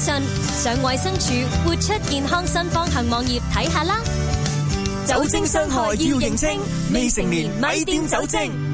上衛生署活出健康新方向網頁睇下啦。看看酒精傷害要認清，未成年咪掂酒精。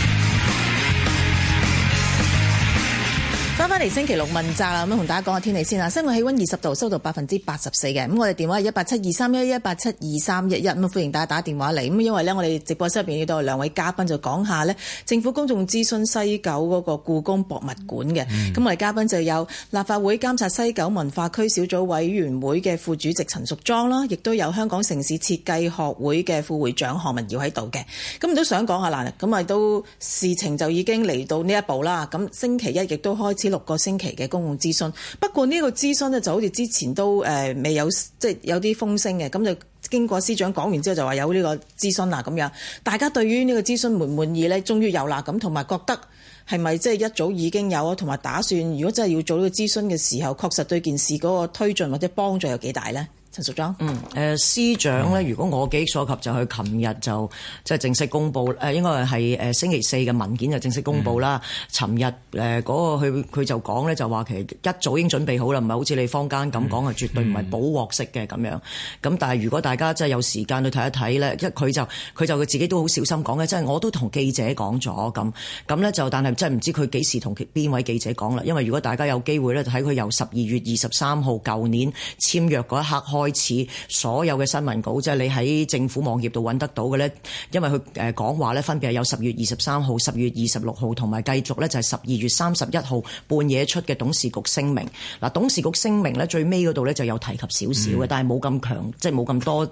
翻返嚟星期六問責啦，咁同大家講下天氣先啦。室外氣溫二十度，濕度百分之八十四嘅。咁我哋電話係一八七二三一一八七二三一一，咁啊歡迎大家打電話嚟。咁因為咧，我哋直播室入邊呢度兩位嘉賓就講下咧，政府公眾諮詢西九嗰個故宮博物館嘅。咁、嗯、我哋嘉賓就有立法會監察西九文化區小組委員會嘅副主席陳淑莊啦，亦都有香港城市設計學會嘅副會長何文堯喺度嘅。咁都想講下嗱，咁啊都事情就已經嚟到呢一步啦。咁星期一亦都開始。六個星期嘅公共諮詢，不過呢個諮詢咧就好似之前都誒、呃、未有，即係有啲風聲嘅，咁就經過司長講完之後就話有呢個諮詢啦咁樣。大家對於呢個諮詢滿唔滿意呢？終於有啦，咁同埋覺得係咪即係一早已經有啊？同埋打算如果真係要做呢個諮詢嘅時候，確實對件事嗰個推進或者幫助有幾大呢？陳淑莊，嗯，誒、呃、司長咧，如果我記憶所及就就，就佢琴日就即係正式公布，誒、呃、應該係誒、呃、星期四嘅文件就正式公布啦。琴日誒嗰個佢佢就講咧，就話其實一早已經準備好啦，唔係好似你坊間咁講，係、嗯、絕對唔係補鑊式嘅咁樣。咁但係如果大家真係有時間去睇一睇咧，一佢、嗯、就佢就佢自己都好小心講嘅，即係我都同記者講咗咁，咁咧就但係真係唔知佢幾時同邊位記者講啦。因為如果大家有機會咧，睇佢由十二月二十三號舊年簽約嗰一刻開。開始所有嘅新聞稿，即係你喺政府網頁度揾得到嘅呢？因為佢誒講話呢，分別係有十月二十三號、十月二十六號，同埋繼續呢就係十二月三十一號半夜出嘅董事局聲明。嗱，董事局聲明呢，最尾嗰度呢就有提及少少嘅，嗯、但係冇咁強，即係冇咁多誒誒，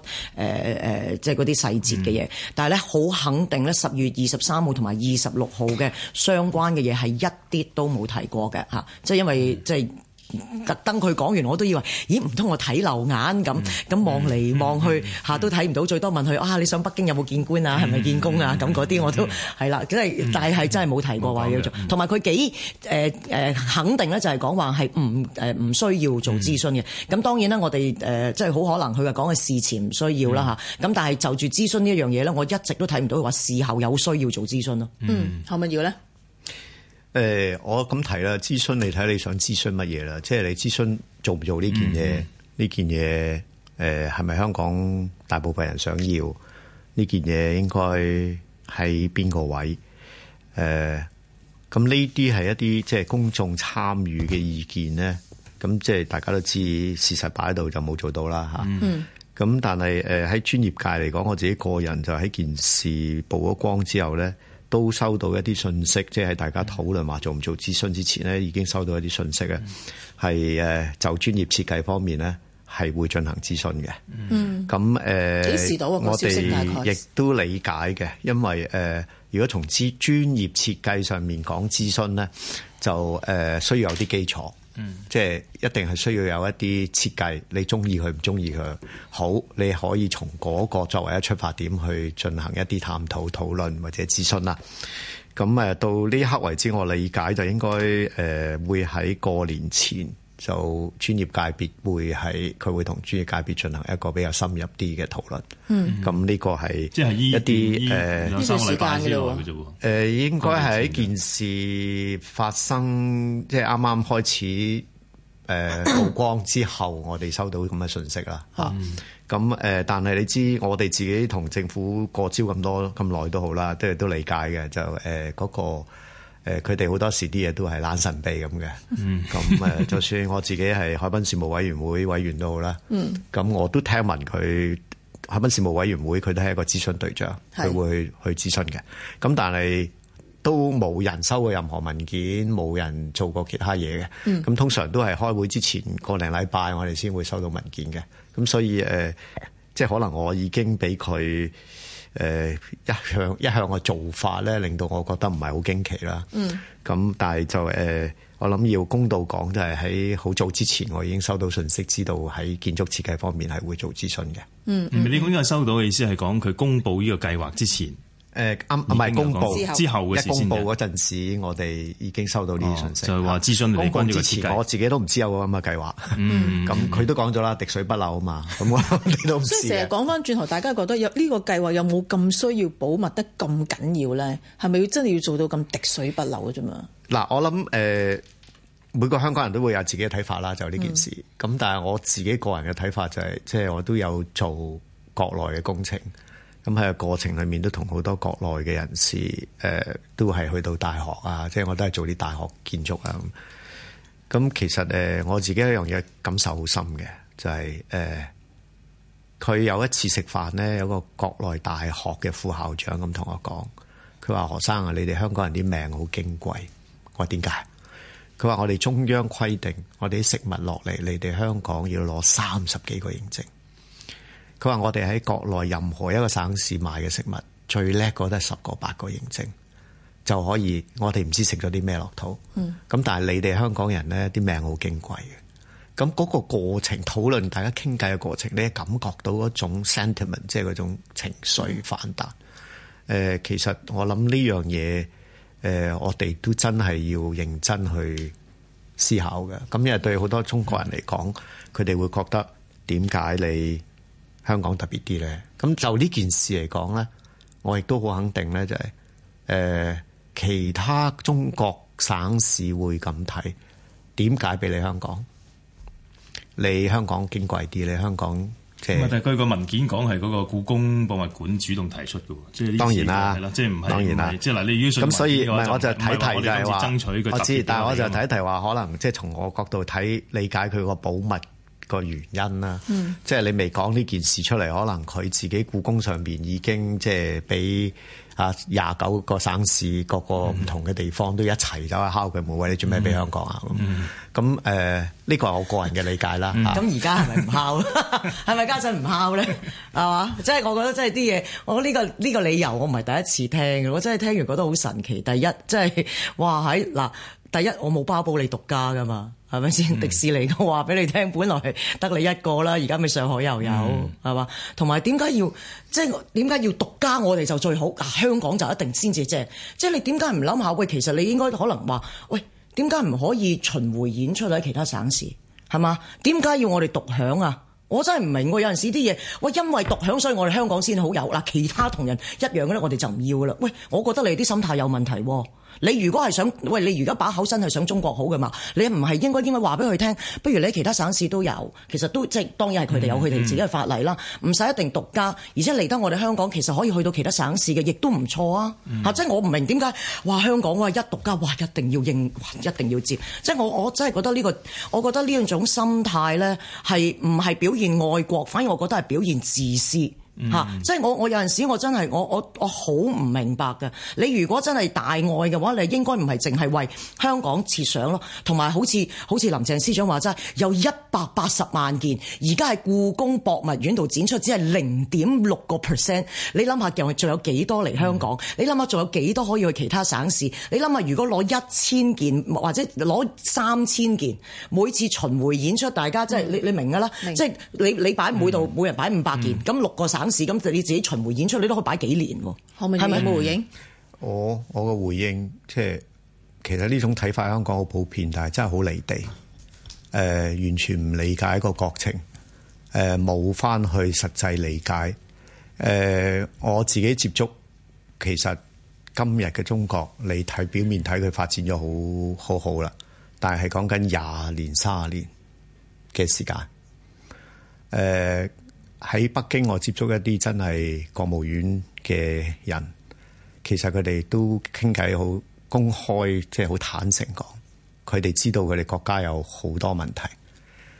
即係嗰啲細節嘅嘢。嗯、但係呢，好肯定呢，十月二十三號同埋二十六號嘅相關嘅嘢係一啲都冇提過嘅嚇，即係因為即係。就是嗯特登佢講完，我都以為，咦？唔通我睇流眼咁，咁望嚟望去，嚇都睇唔到。最多問佢，啊，你上北京有冇見官啊？係咪見工啊？咁嗰啲我都係啦，即、嗯、係、嗯嗯嗯、但係真係冇提過話要做。同埋佢幾誒誒肯定咧，就係講話係唔誒唔需要做諮詢嘅。咁當然啦，我哋誒即係好可能佢話講嘅事前唔需要啦嚇。咁、啊、但係就住諮詢呢一樣嘢咧，我一直都睇唔到話事後有需要做諮詢咯。嗯，係咪、嗯、要咧？誒、呃，我咁提啦，諮詢你睇你想諮詢乜嘢啦？即係你諮詢做唔做呢件嘢？呢、嗯、件嘢誒，係、呃、咪香港大部分人想要？呢件嘢應該喺邊個位？誒、呃，咁呢啲係一啲即係公眾參與嘅意見咧。咁、嗯、即係大家都知事實擺喺度就冇做到啦嚇。咁、啊嗯、但係誒喺專業界嚟講，我自己個人就喺件事曝咗光之後咧。都收到一啲信息，即係大家討論話做唔做諮詢之前咧，已經收到一啲信息啊，係誒、mm. 就專業設計方面咧，係會進行諮詢嘅。嗯、mm.，咁、呃、誒我哋們亦、就是、都理解嘅，因為誒、呃、如果從專業設計上面講諮詢咧，就誒、呃、需要有啲基礎。嗯，即係一定係需要有一啲設計，你中意佢唔中意佢好，你可以從個作為一出發點去進行一啲探討討論或者諮詢啦。咁誒到呢一刻為止，我理解就應該誒、呃、會喺過年前。就專業界別會喺，佢會同專業界別進行一個比較深入啲嘅討論。嗯，咁呢個係即係一啲些誒，收時間㗎應該係喺件事發生，即係啱啱開始誒、呃、曝光之後，我哋收到咁嘅信息啦。嚇，咁誒，但係你知我哋自己同政府過招咁多咁耐都好啦，即係都理解嘅，就誒嗰、呃嗰個。誒，佢哋好多時啲嘢,都係懶神秘咁嘅，咁誒、嗯， (laughs) 就算我自己係海濱事務委員會委員都好啦，咁、嗯、我都聽聞佢海濱事務委員會佢都係一個諮詢隊長，佢會去去諮詢嘅，咁是但係都冇人收過任何文件，冇人做過其他嘢嘅，咁、嗯、通常都係開會之前個零禮拜我哋先會收到文件嘅，咁所以誒、呃，即係可能我已經俾佢。誒、呃、一向一向嘅做法咧，令到我覺得唔係好驚奇啦。嗯，咁但係就誒、呃，我諗要公道講，就係喺好早之前，我已經收到信息，知道喺建築設計方面係會做諮詢嘅。嗯、嗯，你應該收到嘅意思係講佢公佈呢個計劃之前。誒，啱唔係公布之後，一公布嗰陣時，啊、我哋已經收到呢啲信息。哦、就係話諮詢嚟，公布之前，我自己都唔知有咁嘅計劃。嗯，咁佢 (laughs) 都講咗啦，滴水不漏啊嘛。咁我、嗯、 (laughs) 你都唔知。所以成日講翻轉頭，大家覺得計劃有呢個計劃有冇咁需要保密得咁緊要咧？係咪要真係要做到咁滴水不漏嘅啫嘛？嗱、嗯，我諗誒、呃，每個香港人都會有自己嘅睇法啦。就呢件事，咁、嗯、但係我自己個人嘅睇法就係、是，即、就、係、是、我都有做國內嘅工程。咁喺個過程裏面都同好多國內嘅人士，誒、呃，都係去到大學啊，即係我都係做啲大學建築啊。咁，其實誒、呃，我自己一樣嘢，感受好深嘅，就係、是、誒，佢、呃、有一次食飯咧，有個國內大學嘅副校長咁同我講，佢話何生啊，你哋香港人啲命好矜貴。我話點解？佢話我哋中央規定，我哋啲食物落嚟，你哋香港要攞三十幾個認證。佢話：我哋喺國內任何一個省市買嘅食物最叻嗰都係十個八個認證就可以。我哋唔知食咗啲咩落肚。咁、嗯、但係你哋香港人呢啲命好矜貴嘅。咁嗰個過程討論，大家傾偈嘅過程，你感覺到一種 sentiment，即係嗰種情緒反彈。誒、呃，其實我諗呢樣嘢，誒、呃，我哋都真係要認真去思考嘅。咁因為對好多中國人嚟講，佢哋、嗯、會覺得點解你？香港特別啲咧，咁就呢件事嚟講咧，我亦都好肯定咧、就是，就係誒其他中國省市會咁睇，點解俾你香港？你香港矜貴啲，你香港即係、就是。但係佢個文件講係嗰個故宮博物館主動提出嘅喎，即、就、係、是、當然啦，即係唔係當然啦，即係嗱，就是、你咁所以，所以就我就睇，提嘅話，爭取我知，但係我就提提話，可能即係、就是、從我角度睇，理解佢個保密個原因啦，即係你未講呢件事出嚟，可能佢自己故宮上邊已經即係俾啊廿九個省市各個唔同嘅地方都一齊走去敲佢，冇位。你做咩俾香港啊？咁誒呢個係我個人嘅理解啦。咁而家係咪唔敲？係咪家陣唔敲咧？係嘛？即係我覺得即係啲嘢，我呢個呢個理由我唔係第一次聽嘅，我真係聽完覺得好神奇。第一，即係哇喺嗱，第一我冇包保你獨家㗎嘛。係咪先迪士尼都？都話俾你聽，本來得你一個啦，而家咪上海又、嗯、有，係嘛？同埋點解要即係點解要獨家？我哋就最好，嗱、啊、香港就一定先至正。即、就、係、是、你點解唔諗下？喂，其實你應該可能話，喂，點解唔可以巡迴演出喺其他省市？係嘛？點解要我哋獨享啊？我真係唔明喎。有陣時啲嘢，喂，因為獨享，所以我哋香港先好有嗱，其他同人一樣咧，我哋就唔要啦。喂，我覺得你啲心態有問題、啊。你如果係想，喂，你而家把口真係想中國好嘅嘛？你唔係應該應該話俾佢聽，不如你其他省市都有，其實都即係當然係佢哋有佢哋自己嘅法例啦，唔使、mm hmm. 一定獨家，而且嚟得我哋香港其實可以去到其他省市嘅，亦都唔錯啊！嚇、mm hmm. 啊，即係我唔明點解話香港話一獨家，話一定要應，一定要接，即係我我真係覺得呢、呢個，我覺得呢一種心態咧係唔係表現愛國，反而我覺得係表現自私。吓，嗯、即係我我有陣時我真係我我我好唔明白嘅。你如果真係大愛嘅話，你應該唔係淨係為香港設想咯。同埋好似好似林鄭司長話齋有一百八十萬件，而家係故宮博物院度展出，只係零點六個 percent。你諗下，又仲有幾多嚟香港？嗯、你諗下，仲有幾多可以去其他省市？你諗下，如果攞一千件或者攞三千件，每次巡迴演出，大家即係、嗯、你你明㗎啦。明白 即係你你擺每度、嗯、每人擺五百件，咁、嗯嗯、六個省。咁，就你自己巡迴演出，你都可以擺幾年喎？係咪冇回應？我我嘅回應，即係其實呢種睇法，香港好普遍，但係真係好離地。誒、呃，完全唔理解一個國情。誒、呃，冇返去實際理解。誒、呃，我自己接觸，其實今日嘅中國，你睇表面睇佢發展咗好好好啦，但係係講緊廿年、三十年嘅時間。誒、呃。喺北京，我接觸一啲真係國務院嘅人，其實佢哋都傾偈好公開，即係好坦誠講，佢哋知道佢哋國家有好多問題，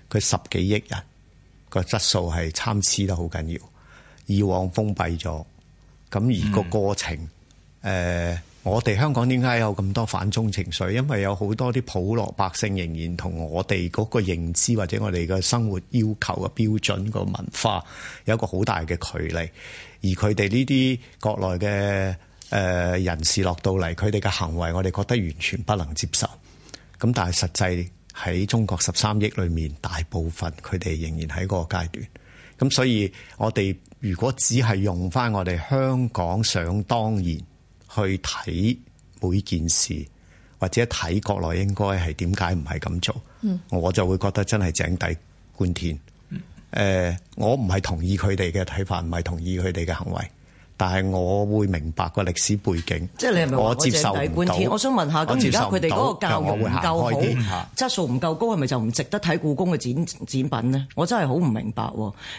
佢十幾億人個質素係參差得好緊要。以往封閉咗，咁而個過程誒。Mm. 呃我哋香港點解有咁多反中情緒，因為有好多啲普羅百姓仍然同我哋嗰個認知或者我哋嘅生活要求嘅標準個文化有一個好大嘅距離，而佢哋呢啲國內嘅誒人士落到嚟，佢哋嘅行為，我哋覺得完全不能接受。咁但係實際喺中國十三億裏面，大部分佢哋仍然喺嗰個階段。咁所以我哋如果只係用翻我哋香港想當然。去睇每件事，或者睇國內應該係點解，唔係咁做，我就會覺得真係井底觀天。誒、呃，我唔係同意佢哋嘅睇法，唔係同意佢哋嘅行為。但係我會明白個歷史背景，即係你係咪我接受唔到？我想問下，咁而家佢哋嗰個教育唔夠好，質素唔夠高，係咪就唔值得睇故宮嘅展展品呢？我真係好唔明白。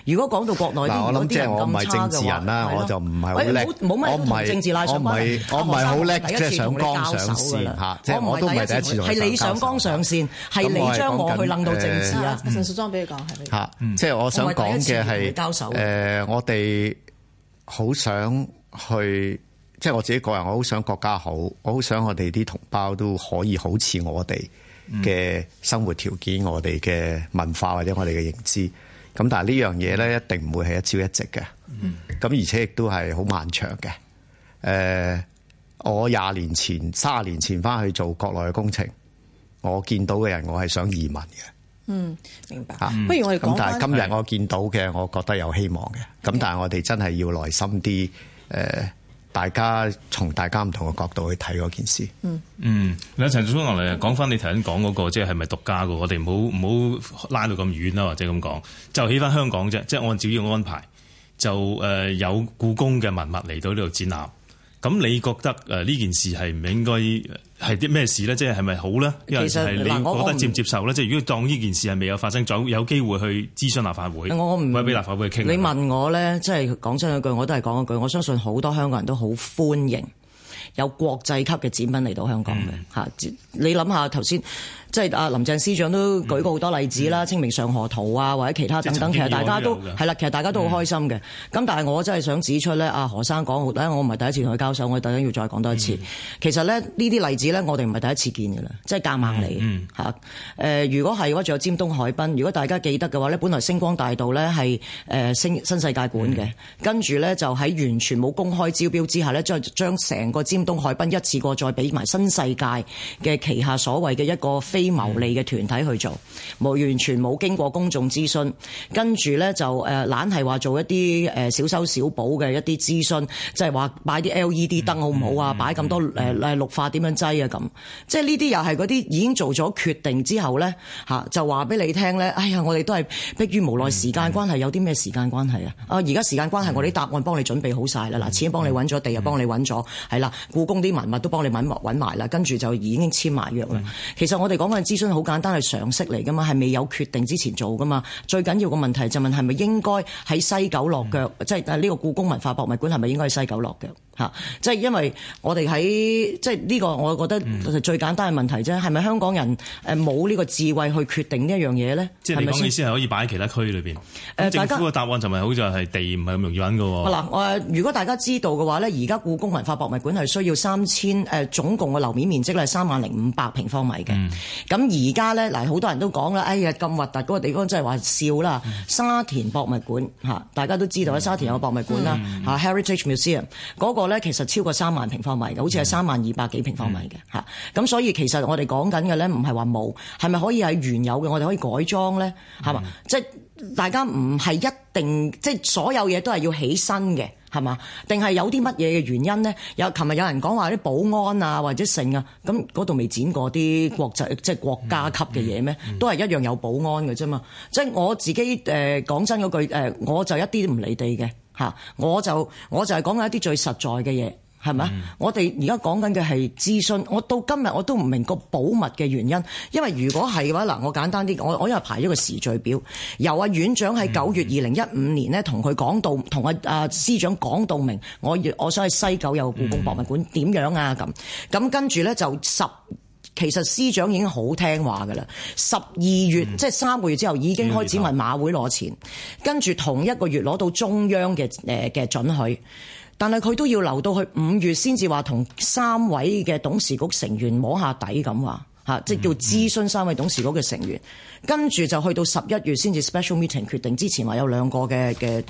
如果講到國內啲咁差嘅話，我諗即係我唔係政治人啦，我就唔係好叻。我唔係政治拉手，我唔係好叻，即係上綱上線。即係我都唔係第一次同你交手。係你上綱上線，係你將我去擰到政治啊？陳淑莊，俾你講係咪？即係我想講嘅係誒，我哋。好想去，即係我自己個人，我好想國家好，我好想我哋啲同胞都可以好似我哋嘅生活條件，mm. 我哋嘅文化或者我哋嘅認知。咁但係呢樣嘢咧，一定唔會係一朝一夕嘅。咁、mm. 而且亦都係好漫長嘅。誒、呃，我廿年前、卅年前翻去做國內嘅工程，我見到嘅人，我係想移民嘅。嗯，明白。不如，啊嗯，我哋咁但係今日我見到嘅，是我覺得有希望嘅。咁，嗯，但係我哋真係要耐心啲。誒，呃，大家從大家唔同嘅角度去睇嗰件事。嗯嗯，阿陳淑莊落嚟講翻你頭先講嗰個，即係係咪獨家噶？我哋唔好唔好拉到咁遠啦，或者咁講，就起翻香港啫。即、就、係、是，按照依個安排，就誒有故宮嘅文物嚟到呢度展覽。咁你覺得誒呢件事係唔應該係啲咩事咧？即係係咪好咧？其實你覺得接唔接受咧？即係實如果當呢件事係未有發生，咗不，有機會去諮詢立法會，我唔係俾立法會傾。你問我咧，即係講真嗰句，我都係講一句。我相信好多香港人都好歡迎有國際級嘅展品嚟到香港嘅嚇。嗯、你諗下頭先。即係阿林鄭司長都舉過好多例子啦，嗯《清明上河圖》啊，或者其他等等，其實大家都係啦，的其實大家都好開心嘅。咁的但係我真係想指出咧，阿、啊、何生講，咧我唔係第一次同佢交手，我特登要再講多一次。嗯、其實咧呢啲例子咧，我哋唔係第一次見嘅啦，即係夾硬嚟嚇。誒、嗯嗯啊，如果係，如果仲有尖東海濱，如果大家記得嘅話咧，本來星光大道咧係誒星新世界館嘅，嗯、跟住咧就喺完全冇公開招標之下咧，將將成個尖東海濱一次過再俾埋新世界嘅旗下所謂嘅一個啲牟利嘅團體去做，冇完全冇經過公眾諮詢，跟住咧就誒懶係話做一啲誒小修小補嘅一啲諮詢，就係話擺啲 LED 燈好唔好啊？擺咁多誒誒綠化點樣擠啊？咁即係呢啲又係嗰啲已經做咗決定之後咧嚇，就話俾你聽咧。哎呀，我哋都係迫於無奈時間關係，有啲咩時間關係啊？啊，而家時間關係，我哋啲答案幫你準備好晒啦。嗱，錢幫你揾咗，地又幫你揾咗，係啦，故宮啲文物都幫你揾埋揾埋啦，跟住就已經簽埋約啦。其實我哋講。因為諮詢好簡單，係常識嚟噶嘛，係未有決定之前做噶嘛，最緊要個問題就問：係咪應該喺西九落腳？嗯、即係呢個故宮文化博物館，係咪應該喺西九落腳？即係因為我哋喺即係呢個我覺得最簡單嘅問題啫，係咪香港人誒冇呢個智慧去決定呢一樣嘢咧？即係係講意思係可以擺喺其他區裏邊誒、呃、政府嘅答案就唔係好似係地唔係咁容易揾嘅。係啦、呃，誒、呃，如果大家知道嘅話咧，而家故宮文化博物館係需要三千誒總共嘅樓面面積咧，係三萬零五百平方米嘅。咁而家咧嗱，好、呃、多人都講啦，哎呀咁核突個地方，真係話笑啦，沙田博物館吓，大家都知道啦，沙田有個博物館啦嚇，Heritage Museum 嗰、嗰個。咧，其實超過三萬平方米嘅，好似係三萬二百幾平方米嘅，嚇、嗯。咁、嗯、所以其實我哋講緊嘅咧，唔係話冇，係咪可以係原有嘅，我哋可以改裝咧，係嘛？嗯、即係大家唔係一定，即係所有嘢都係要起身嘅，係嘛？定係有啲乜嘢嘅原因咧？有琴日有人講話啲保安啊，或者剩啊，咁嗰度未剪過啲國際即係國家級嘅嘢咩？都係一樣有保安嘅啫嘛。即係我自己誒、呃、講真嗰句誒、呃，我就一啲都唔理你嘅。我就我就係講緊一啲最實在嘅嘢，係咪啊？嗯、我哋而家講緊嘅係諮詢，我到今日我都唔明個保密嘅原因，因為如果係嘅話，嗱，我簡單啲，我我因為排咗個時序表，由阿院長喺九月二零一五年咧同佢講到，同阿阿司長講到明，我我想去西九有個故宮博物館點樣啊？咁咁跟住咧就十。其實司長已經好聽話嘅啦，十二月、嗯、即係三個月之後已經開始問馬會攞錢，跟住、嗯嗯、同一個月攞到中央嘅誒嘅准許，但係佢都要留到去五月先至話同三位嘅董事局成員摸下底咁話，嚇即係叫諮詢三位董事局嘅成員，跟住、嗯嗯、就去到十一月先至 special meeting 決定，之前話有兩個嘅嘅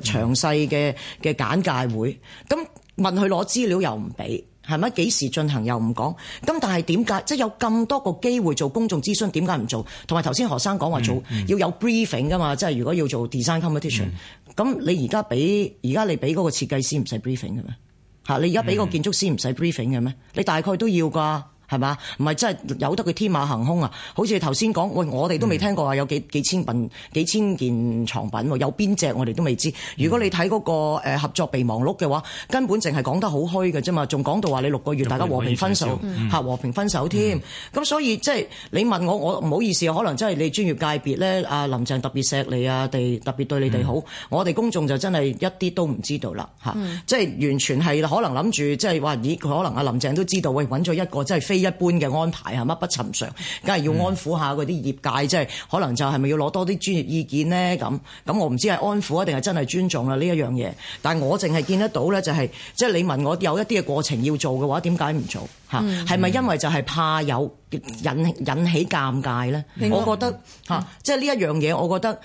長詳細嘅嘅簡介會，咁、嗯嗯嗯、問佢攞資料又唔俾。係咪？幾時進行又唔講？咁但係點解？即係有咁多個機會做公眾諮詢，點解唔做？同埋頭先何生講話做要有 briefing 噶嘛？即係如果要做 design competition，咁、嗯、你而家俾而家你俾嗰個設計師唔使 briefing 嘅咩？嚇！你而家俾個建築師唔使 briefing 嘅咩？你大概都要噶、啊。係嘛？唔係真係由得佢天馬行空啊！好似頭先講，喂，我哋都未聽過話有幾幾千品、幾千件藏品喎，有邊隻我哋都未知。如果你睇嗰個合作備忘錄嘅話，根本淨係講得好虛嘅啫嘛，仲講到話你六個月大家和平分手嚇，嗯、和平分手添。咁、嗯嗯、所以即係、就是、你問我，我唔好意思，可能真係你專業界別咧，阿林鄭特別錫你啊，哋特別對你哋好。嗯、我哋公眾就真係一啲都唔知道啦嚇，即係、嗯嗯、完全係可能諗住即係話咦？可能阿林鄭都知道，喂，揾咗一個真係非。一般嘅安排係乜不尋常，梗係要安撫下嗰啲業界，嗯、即係可能就係咪要攞多啲專業意見咧？咁咁我唔知係安撫啊，定係真係尊重啦呢一樣嘢。但係我淨係見得到咧、就係，就係即係你問我有一啲嘅過程要做嘅話，點解唔做嚇？係咪、嗯、因為就係怕有引引起尷尬咧？我覺得嚇，即係呢一樣嘢，我覺得。嗯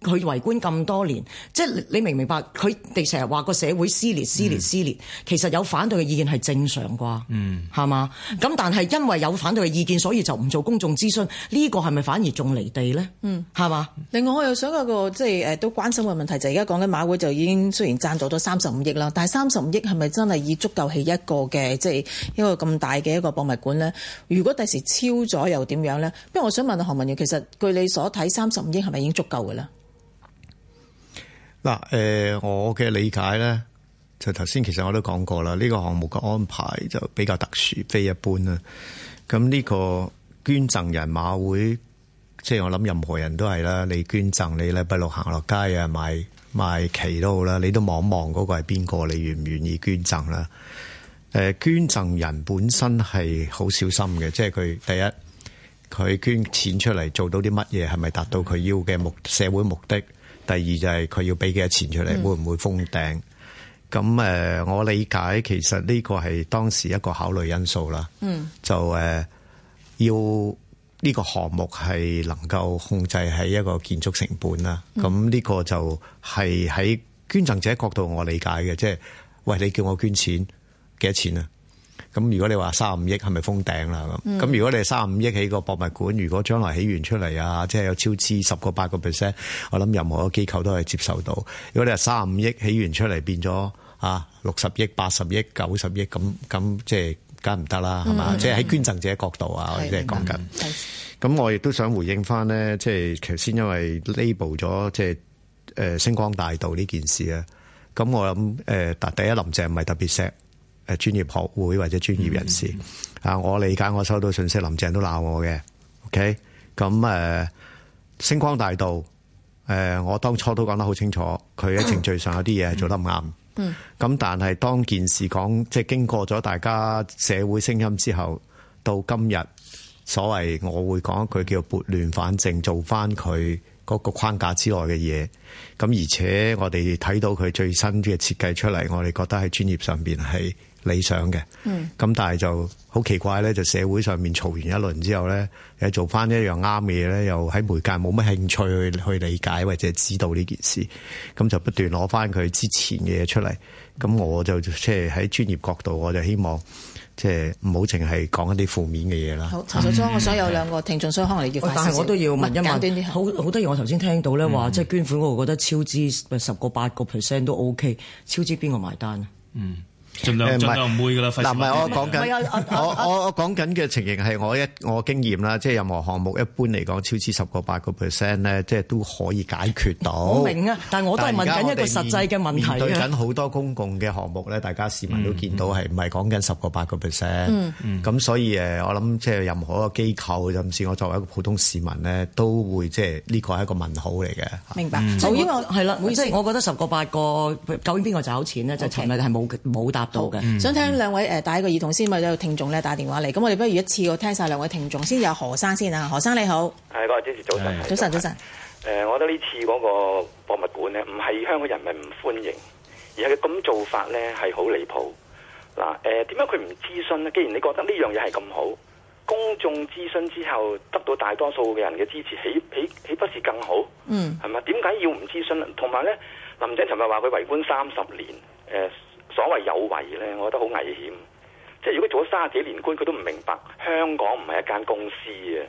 佢圍觀咁多年，即係你明唔明白？佢哋成日話個社會撕裂、撕裂、撕裂、嗯，其實有反對嘅意見係正常啩？嗯，係嘛？咁但係因為有反對嘅意見，所以就唔做公眾諮詢，呢、這個係咪反而仲離地呢？嗯，係嘛吧？另外，我又想有一個即係誒、呃、都關心嘅問題，就係而家講緊馬會就已經雖然贊助咗三十五億啦，但係三十五億係咪真係已足夠起一個嘅即係一個咁大嘅一個博物館呢？如果第時超咗又點樣呢？不如我想問下何文堯，其實據你所睇，三十五億係咪已經足夠嘅咧？嗱，誒、呃，我嘅理解咧，就頭先其實我都講過啦，呢、這個項目嘅安排就比較特殊，非一般啦。咁、這、呢個捐贈人馬會，即係我諗任何人都係啦，你捐贈你，禮拜六行落街啊，買買旗都好啦，你都望望嗰個係邊個，你願唔願意捐贈啦？誒、呃，捐贈人本身係好小心嘅，即係佢第一，佢捐錢出嚟做到啲乜嘢，係咪達到佢要嘅目社會目的？第二就係佢要俾幾多錢出嚟，嗯、會唔會封頂？咁誒、呃，我理解其實呢個係當時一個考慮因素啦。嗯，就誒、呃、要呢個項目係能夠控制喺一個建築成本啦。咁呢個就係喺捐贈者角度我理解嘅，即係喂，你叫我捐錢，幾多錢啊？咁如果你話三五億係咪封頂啦咁？咁、嗯、如果你係三五億起個博物館，如果將來起完出嚟啊，即係有超支十個八個 percent，我諗任何個機構都係接受到。如果你話三五億起完出嚟變咗啊六十億、八十億、九十億咁，咁即係梗唔得啦，係嘛、嗯？即係喺捐贈者角度啊，嗯、的我哋講緊。咁的我亦都想回應翻呢，即係頭先因為 label 咗即係誒星光大道呢件事啊，咁我諗誒、呃、第一林鄭唔係特別 sad。誒，專業學會或者專業人士，啊、mm，hmm. 我理解，我收到信息，林鄭都鬧我嘅，OK，咁誒、呃，星光大道，誒、呃，我當初都講得好清楚，佢喺程序上有啲嘢做得唔啱，嗯、mm，咁、hmm. 但係當件事講，即係經過咗大家社會聲音之後，到今日所謂我會講一句叫撥亂反正，做翻佢嗰個框架之內嘅嘢，咁而且我哋睇到佢最新嘅設計出嚟，我哋覺得喺專業上邊係。理想嘅，咁、嗯、但係就好奇怪咧，就社會上面嘈完一輪之後咧，又做翻一樣啱嘅嘢咧，又喺媒介冇乜興趣去去理解或者知道呢件事，咁就不斷攞翻佢之前嘅嘢出嚟。咁、嗯、我就即係喺專業角度，我就希望即係唔好淨係講一啲負面嘅嘢啦。陳淑莊，嗯、我想有兩個聽眾，所以可能你要快啲，但係我都要問一問，一好好多嘢我頭先聽到咧，話即係捐款。我覺得超支十個八個 percent 都 OK，超支邊個埋單啊？嗯。嗯誒唔係唔會噶啦，嗱唔係我講緊，我我我講緊嘅情形係我一我經驗啦，即係任何項目一般嚟講超支十個八個 percent 咧，即係都可以解決到。我明啊，但係我都係問緊一個實際嘅問題啊。對緊好多公共嘅項目咧，大家市民都見到係唔係講緊十個八個 percent？咁所以誒，我諗即係任何一個機構，甚至我作為一個普通市民咧，都會即係呢個係一個問號嚟嘅。明白，即係因為係啦，即係我覺得十個八個究竟邊個找錢呢？就尋日係冇冇答。到嘅，嗯、想聽兩位誒帶、呃、一個耳筒先，咪有聽眾咧打電話嚟，咁我哋不如一次過聽晒兩位聽眾先，先，先。有何先生先啊？何生你好，係各位主持早晨，早晨早晨。誒、呃，我覺得呢次嗰個博物館咧，唔係香港人民唔歡迎，而係佢咁做法咧係好離譜。嗱、呃、誒，點解佢唔諮詢呢？既然你覺得呢樣嘢係咁好，公眾諮詢之後得到大多數嘅人嘅支持，豈豈豈不是更好？嗯，係咪？點解要唔諮詢呢？同埋咧，林鄭尋日話佢為官三十年，誒、呃。呃嗯所謂有為呢，我覺得好危險。即係如果做咗三十幾年官，佢都唔明白香港唔係一間公司嘅，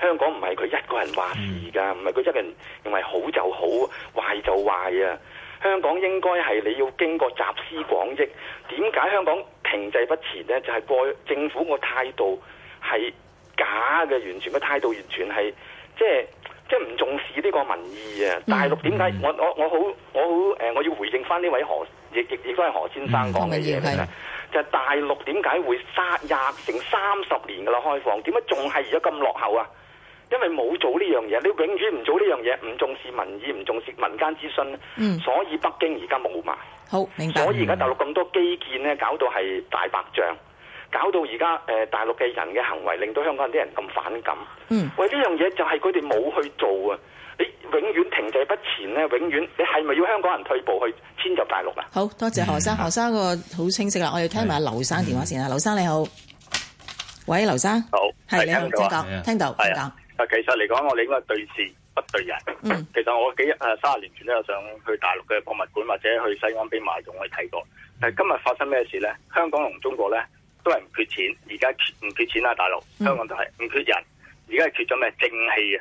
香港唔係佢一個人話事㗎，唔係佢一個人認為好就好，壞就壞啊。香港應該係你要經過集思廣益。點解香港停滯不前呢？就係過政府個態度係假嘅，完全個態度完全係即係即係唔重視呢個民意啊！大陸點解我我我好我好誒？我要回應翻呢位何？亦亦都係何先生講嘅嘢嚟嘅，嗯、就係大陸點解會殺廿成三十年嘅啦開放？點解仲係而家咁落後啊？因為冇做呢樣嘢，你永遠唔做呢樣嘢，唔重視民意，唔重視民間諮詢，嗯、所以北京而家冇埋。好，明白。所以而家大陸咁多基建咧，搞到係大白象，搞到而家誒大陸嘅人嘅行為，令到香港啲人咁反感。嗯，喂，呢樣嘢就係佢哋冇去做啊！筆錢咧，永遠你係咪要香港人退步去遷入大陸啊？好多謝何生，何生個好清晰啦。我要聽埋劉生電話先啦。劉生你好，喂，劉生，好，係你喺度講，聽到係啊。嗱，其實嚟講，我哋應該對事不對人。其實我幾誒三十年前都有上去大陸嘅博物館或者去西安俾埋我哋睇過。但係今日發生咩事咧？香港同中國咧都係唔缺錢，而家唔缺錢啊？大陸香港都係唔缺人，而家係缺咗咩正氣啊？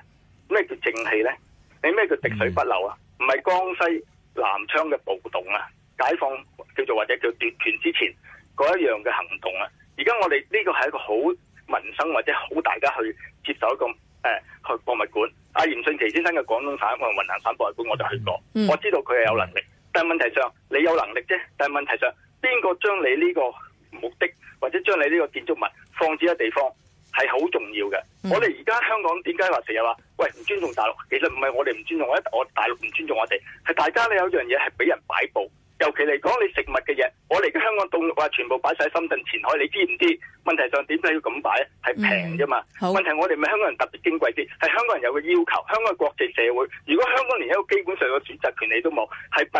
咩叫正氣咧？你咩叫滴水不漏啊？唔係江西南昌嘅暴動啊，解放叫做或者叫奪權之前嗰一樣嘅行動啊。而家我哋呢個係一個好民生或者好大家去接受一個誒去、呃、博物館。阿嚴迅奇先生嘅廣東省或雲南省博物館，我就去、是、過，嗯、我知道佢係有能力。嗯、但係問題上，你有能力啫。但係問題上，邊個將你呢個目的或者將你呢個建築物放置喺地方？係好重要嘅，嗯、我哋而家香港點解話成日話喂唔尊重大陸？其實唔係我哋唔尊重，我我大陸唔尊重我哋，係大家咧有一樣嘢係俾人擺布。尤其嚟講你食物嘅嘢，我哋而家香港凍肉啊全部擺晒深圳前海，你知唔知？問題上點解要咁擺？係平啫嘛。嗯、問題我哋咪香港人特別矜貴啲，係香港人有個要求，香港嘅國際社會，如果香港連一個基本上嘅選擇權利都冇，係不。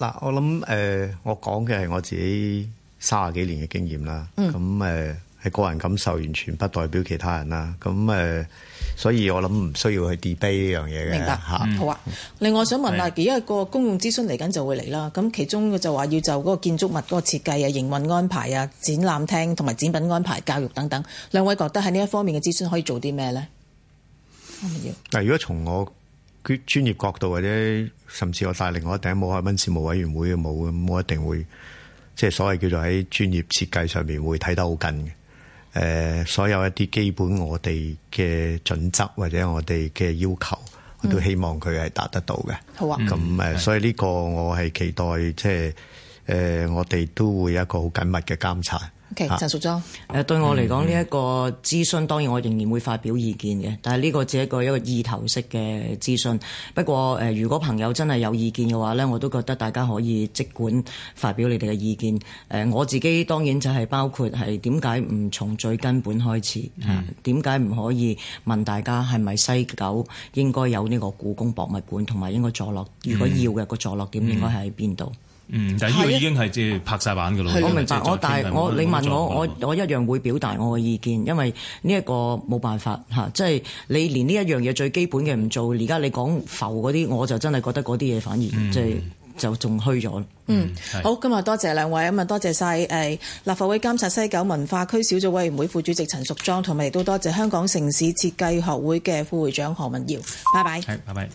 嗱、呃，我諗誒，我講嘅係我自己三十幾年嘅經驗啦。咁誒係個人感受，完全不代表其他人啦。咁、呃、誒，所以我諗唔需要去 debate 呢樣嘢嘅。明白吓，啊好啊。另外想問啊，而家是個公用諮詢嚟緊就會嚟啦。咁其中就話要就嗰個建築物嗰個設計啊、營運安排啊、展覽廳同埋展品安排、教育等等，兩位覺得喺呢一方面嘅諮詢可以做啲咩咧？嗱，如果從我佢專業角度或者甚至我戴另外一頂冇海濱事務委員會嘅帽，冇一定會即係所謂叫做喺專業設計上面會睇得好緊嘅。誒、呃，所有一啲基本我哋嘅準則或者我哋嘅要求，我都希望佢係達得到嘅。好啊，咁誒，所以呢個我係期待即係誒，我哋都會有一個好緊密嘅監察。Okay, 陳淑莊，誒、啊、對我嚟講呢一個諮詢，當然我仍然會發表意見嘅。嗯嗯、但係呢個只係一個一個意頭式嘅諮詢。不過誒、呃，如果朋友真係有意見嘅話咧，我都覺得大家可以即管發表你哋嘅意見。誒、呃，我自己當然就係包括係點解唔從最根本開始，點解唔可以問大家係咪西九應該有呢個故宮博物館，同埋應該坐落，如果要嘅、個坐落點、嗯、應該喺邊度？嗯嗯，就呢個已經係即拍晒板嘅咯。我明白，我但係我你問我，我我一樣會表達我嘅意見，因為呢一個冇辦法嚇，即係你連呢一樣嘢最基本嘅唔做，而家你講浮嗰啲，我就真係覺得嗰啲嘢反而即係就仲虛咗。嗯，好，今日多謝兩位，咁啊多謝晒誒立法會監察西九文化區小組委員會副主席陳淑莊，同埋亦都多謝香港城市設計學會嘅副會長何文堯。拜拜。拜拜。